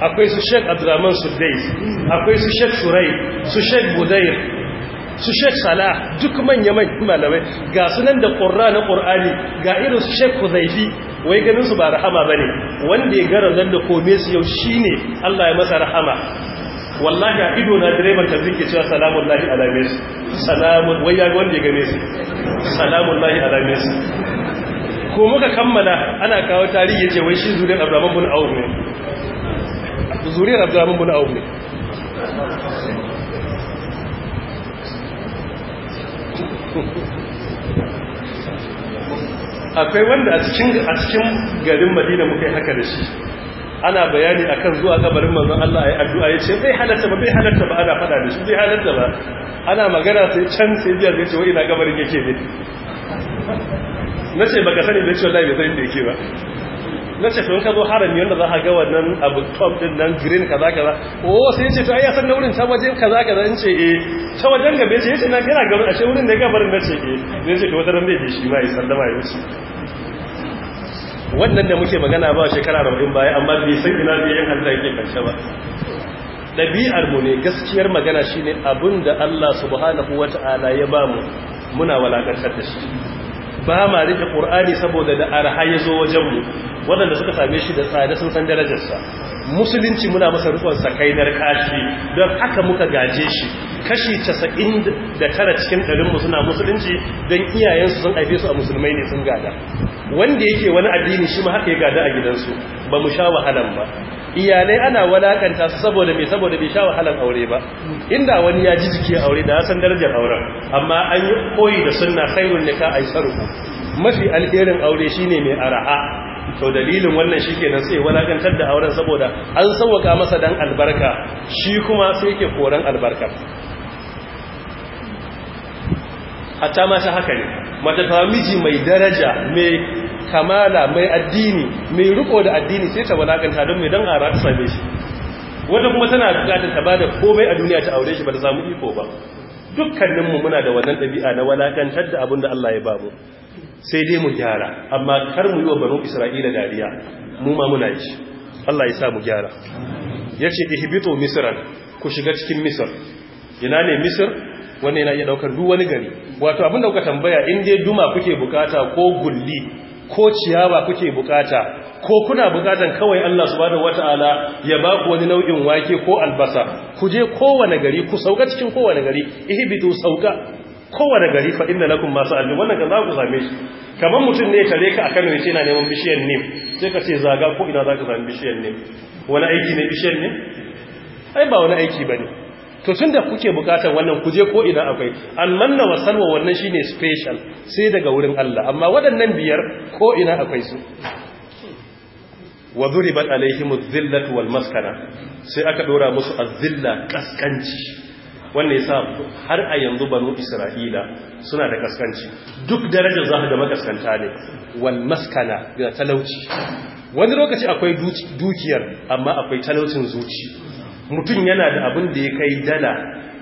akwai su sheik abdurrahman sudai akwai su sheik surai su sheik budair su sheik salah duk manya-manyan malamai ga sunan da ƙorra na ƙor'ani ga irin su sheik huzaifi wai ganin su ba rahama bane wanda ya gara zanda kome su yau shine Allah ya masa rahama wallahi a ido na direban ta ke cewa salamun lahi alame su salamun wai ya wanda ya gane su salamun lahi alame su ko muka kammala ana kawo tarihi yace wai shi zuriyar Abdurrahman bin Auf ne zuriyar Abdurrahman bin Auf ne Thank you. akwai wanda a cikin garin madina muka yi haka da shi ana bayani akan zuwa kabarin manzon Allah ayi addu'a ya ce bai halatta ba bai halatta ba ana fada da shi bai halatta ba ana magana sai can sai biya zai ce wai ina kabarin yake ne na ce baka sani bai ce wallahi bai sani da yake ba na ce tun ka zo harami wanda za ka ga wannan abu top din nan green kaza kaza O oh, sai ya ce ta, ai ya san na wurin ta wajen kaza kaza in ce e ta wajen gabe ce ce na kana a shi wurin da eh. ya gabarin da ce e ne ce to wata ran bai shi ba ya sallama ya wuce wannan da muke magana ba shekara 40 baya amma bai san ina bai yin hannun yake karshe ba ɗabi'ar mu ne gaskiyar magana shine da Allah subhanahu ta'ala ya bamu muna walakantar da shi ba ma rike qur'ani saboda da arha ya zo wajen mu waɗanda suka same shi da tsada sun san darajarsa musulunci muna masa sa sakainar kashi don haka muka gaje shi kashi casa'in da tara cikin ɗarinmu suna musulunci don iyayensu sun aife su a musulmai ne sun gada wanda yake wani addini shi ma haka ya gada a gidansu ba mu sha wahalan ba iyalai ana walakanta su saboda mai saboda bai sha wahalan aure ba inda wani ya ji jiki aure da san darajar auren amma an yi koyi da sunna khairun nika tsaro mafi alherin aure shine mai araha to dalilin wannan ke shikenan sai walakantar da auren saboda an sauwaka masa dan albarka shi kuma sai yake koran albarka hatta ma shi haka ne mata miji mai daraja mai kamala mai addini mai riko da addini sai ta walakanta don mai don ara ta same shi wata kuma tana bukatar ta bada komai a duniya ta aure shi ba ta samu iko ba dukkaninmu muna da wannan ɗabi'a na walakantar da abin da Allah ya ba mu sai dai mu gyara amma kar mu yi wa banu isra'ila dariya mu ma muna yi Allah ya sa mu gyara ya ce ihibito misiran ku shiga cikin misir ina ne misir Wannan yana iya daukar duk wani gari wato abin da kuka tambaya in dai duma kuke bukata ko gulli ko ciyawa kuke bukata ko kuna bukatan kawai Allah subhanahu wataala ya ba ku wani nau'in wake ko albasa ku je kowane gari ku sauka cikin kowane gari ihbitu sauka kowane gari fa inna lakum ma sa'al wannan ga za ku same shi kamar mutum ne tare ka akan ne yana neman bishiyar ne sai ka ce zaga ko ina za ka sami bishiyar ne wani aiki ne bishiyar ne ai ba wani aiki bane to tun da kuke bukatar wannan kuje ko ina akwai almanna wa salwa wannan shine special sai daga wurin Allah amma waɗannan biyar ko ina akwai su wa dhuribat alaihimu dhillatu wal maskana sai aka dora musu a zilla kaskanci ya yasa har a yanzu banu isra'ila suna da kaskanci duk darajar za ga makaskanta ne wal maskana ga talauci wani lokaci akwai dukiyar amma akwai talaucin zuci. mutum yana da abin da ya kai dala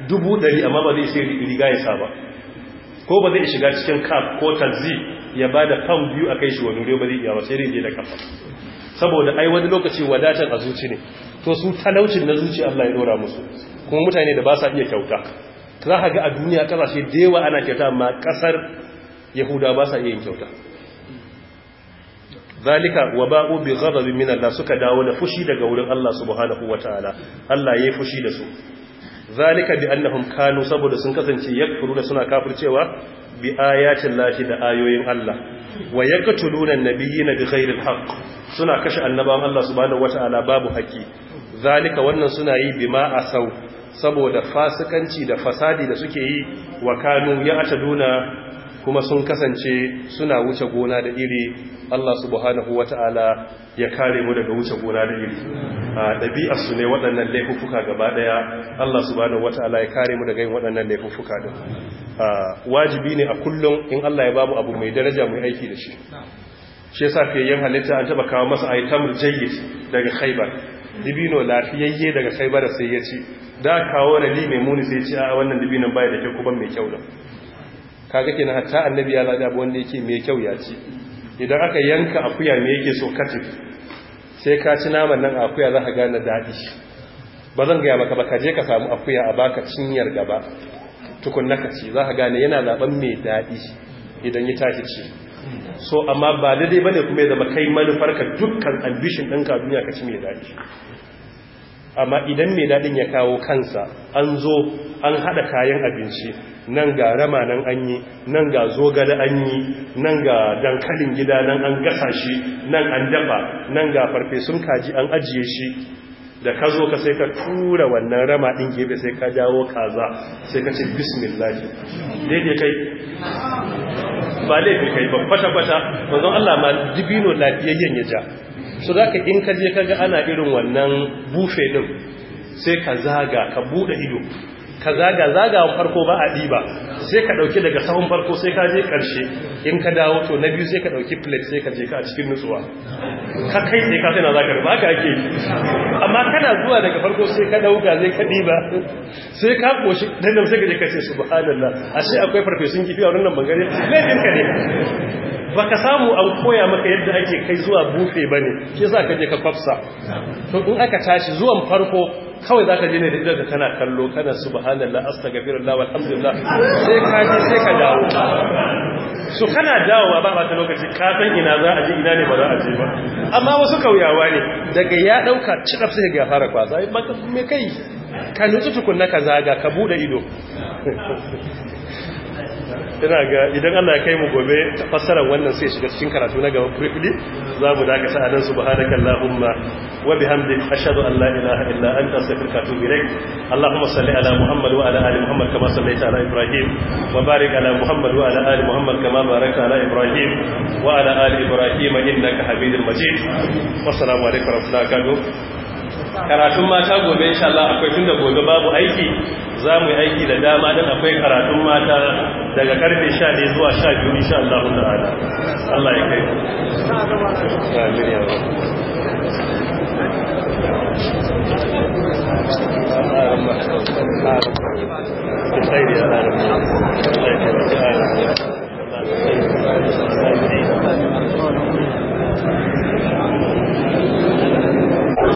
dubu ɗari amma ba zai sai riga ya saba ko ba zai shiga cikin kaf ko taxi ya ba da fam biyu a kai shi wani wuri ba zai iya ba sai dai da kafa saboda ai wani lokaci wadatar a zuci ne to su talaucin na zuci Allah ya dora musu kuma mutane da ba sa iya kyauta za ka ga a duniya kasashe da yawa ana kyauta amma kasar yahuda ba sa iya yin kyauta zalika wa ba'u bi ghadabi min Allah suka dawo da fushi daga wurin Allah subhanahu wataala Allah yayi fushi da su zalika bi annahum kanu saboda sun kasance yakfuruna suna kafircewa bi ayatin lahi da ayoyin Allah wa yaqtuluna an-nabiyina bi ghairi al suna kashe annabawan Allah subhanahu wataala babu haƙi zalika wannan suna yi bima asau saboda fasikanci da fasadi da suke yi wa kanu ya ataduna kuma sun kasance suna wuce gona da iri Allah subhanahu wata'ala ya kare mu daga wuce gona da iri ɗabi'arsu ne waɗannan laifuffuka gaba ɗaya Allah subhanahu wata'ala ya kare mu daga yin waɗannan laifuffuka din wajibi ne a kullum in Allah ya babu abu mai daraja mai aiki da shi shi yasa yin halitta an taba kawo masa aitamur jayyid daga khaibar dibino lafiyayye daga khaibar sai ya ci da kawo rali mai muni sai ya ci a wannan dibinon baya da kyau kuma mai kyau da Ka kaga kenan hatta annabi ya lada abu wanda yake mai kyau ya ci idan aka yanka akuya me yake so katif sai ka ci naman nan akuya za ka gane daɗi ba zan gaya maka ba ka je ka samu akuya a baka cinyar gaba tukun naka ci za ka gane yana zaɓen mai daɗi idan ya tashi ci so amma ba daidai ne kuma ya zama kai manufarka dukkan ambishin ɗinka duniya ka ci mai daɗi amma idan mai daɗin ya kawo kansa an zo an haɗa kayan abinci nan ga rama nan an yi nan ga zogale an yi nan ga dankalin gida nan an gasa shi nan an dafa nan ga farfesun kaji an ajiye shi da ka zo ka sai ka tura wannan rama ɗin gefe sai ka dawo kaza sai ka ce bismillah daidai kai ba laifin kai ba kwata-kwata wanzan allah ma dibino lafiyayyen ya ja so za ka in kaje kaga ana irin wannan bufe din sai ka zaga ka buɗe ido ka zaga zagawan farko ba a diba sai ka dauki daga sahun farko sai ka je karshe in ka dawo to na biyu sai ka ɗauki plate sai ka je ka a cikin nutsuwa ka kai sai ka tana zakar ba ka ake amma kana zuwa daga farko sai ka ɗauka sai ka ba, sai ka koshi dandan sai ka je ka ce subhanallah ashe akwai farfesun kifi a wannan bangare laifin ka ne Ba ka samu an koya maka yadda ake kai zuwa bufe ba ne shi za ka je ka kwafsa to in aka tashi zuwan farko kawai za je ne da idan tana kallo kana subhanallah lawa alhamdulillah sai ka je sai ka dawo so kana dawo ba bata lokaci ka san ina za a je ina ne ba za a je ba amma wasu kauyawa ne daga ya dauka cikaf sai ga fara kwasa ai baka me kai ka nutsu tukunna ka zaga ka bude ido ina ga idan Allah ya kai mu gobe fassarar wannan sai shiga cikin karatu na gaba briefly za mu daga sa anan subhanaka allahumma wa bihamdik ashhadu an la ilaha illa anta astaghfiruka wa atubu ilaik allahumma salli ala muhammad wa ala ali muhammad kama sallaita ala ibrahim wa barik ala muhammad wa ala ali muhammad kama barakta ala ibrahim wa ala ali ibrahim innaka hamidul majid alaikum wa rahmatullahi wa barakatuh karatun mata gobe insha Allah akwai tunda gobe babu aiki za mu yi aiki da dama dan akwai karatun mata daga karfe 11 zuwa 12 insha Allah ta'ala Allah ya kai ya Thank you.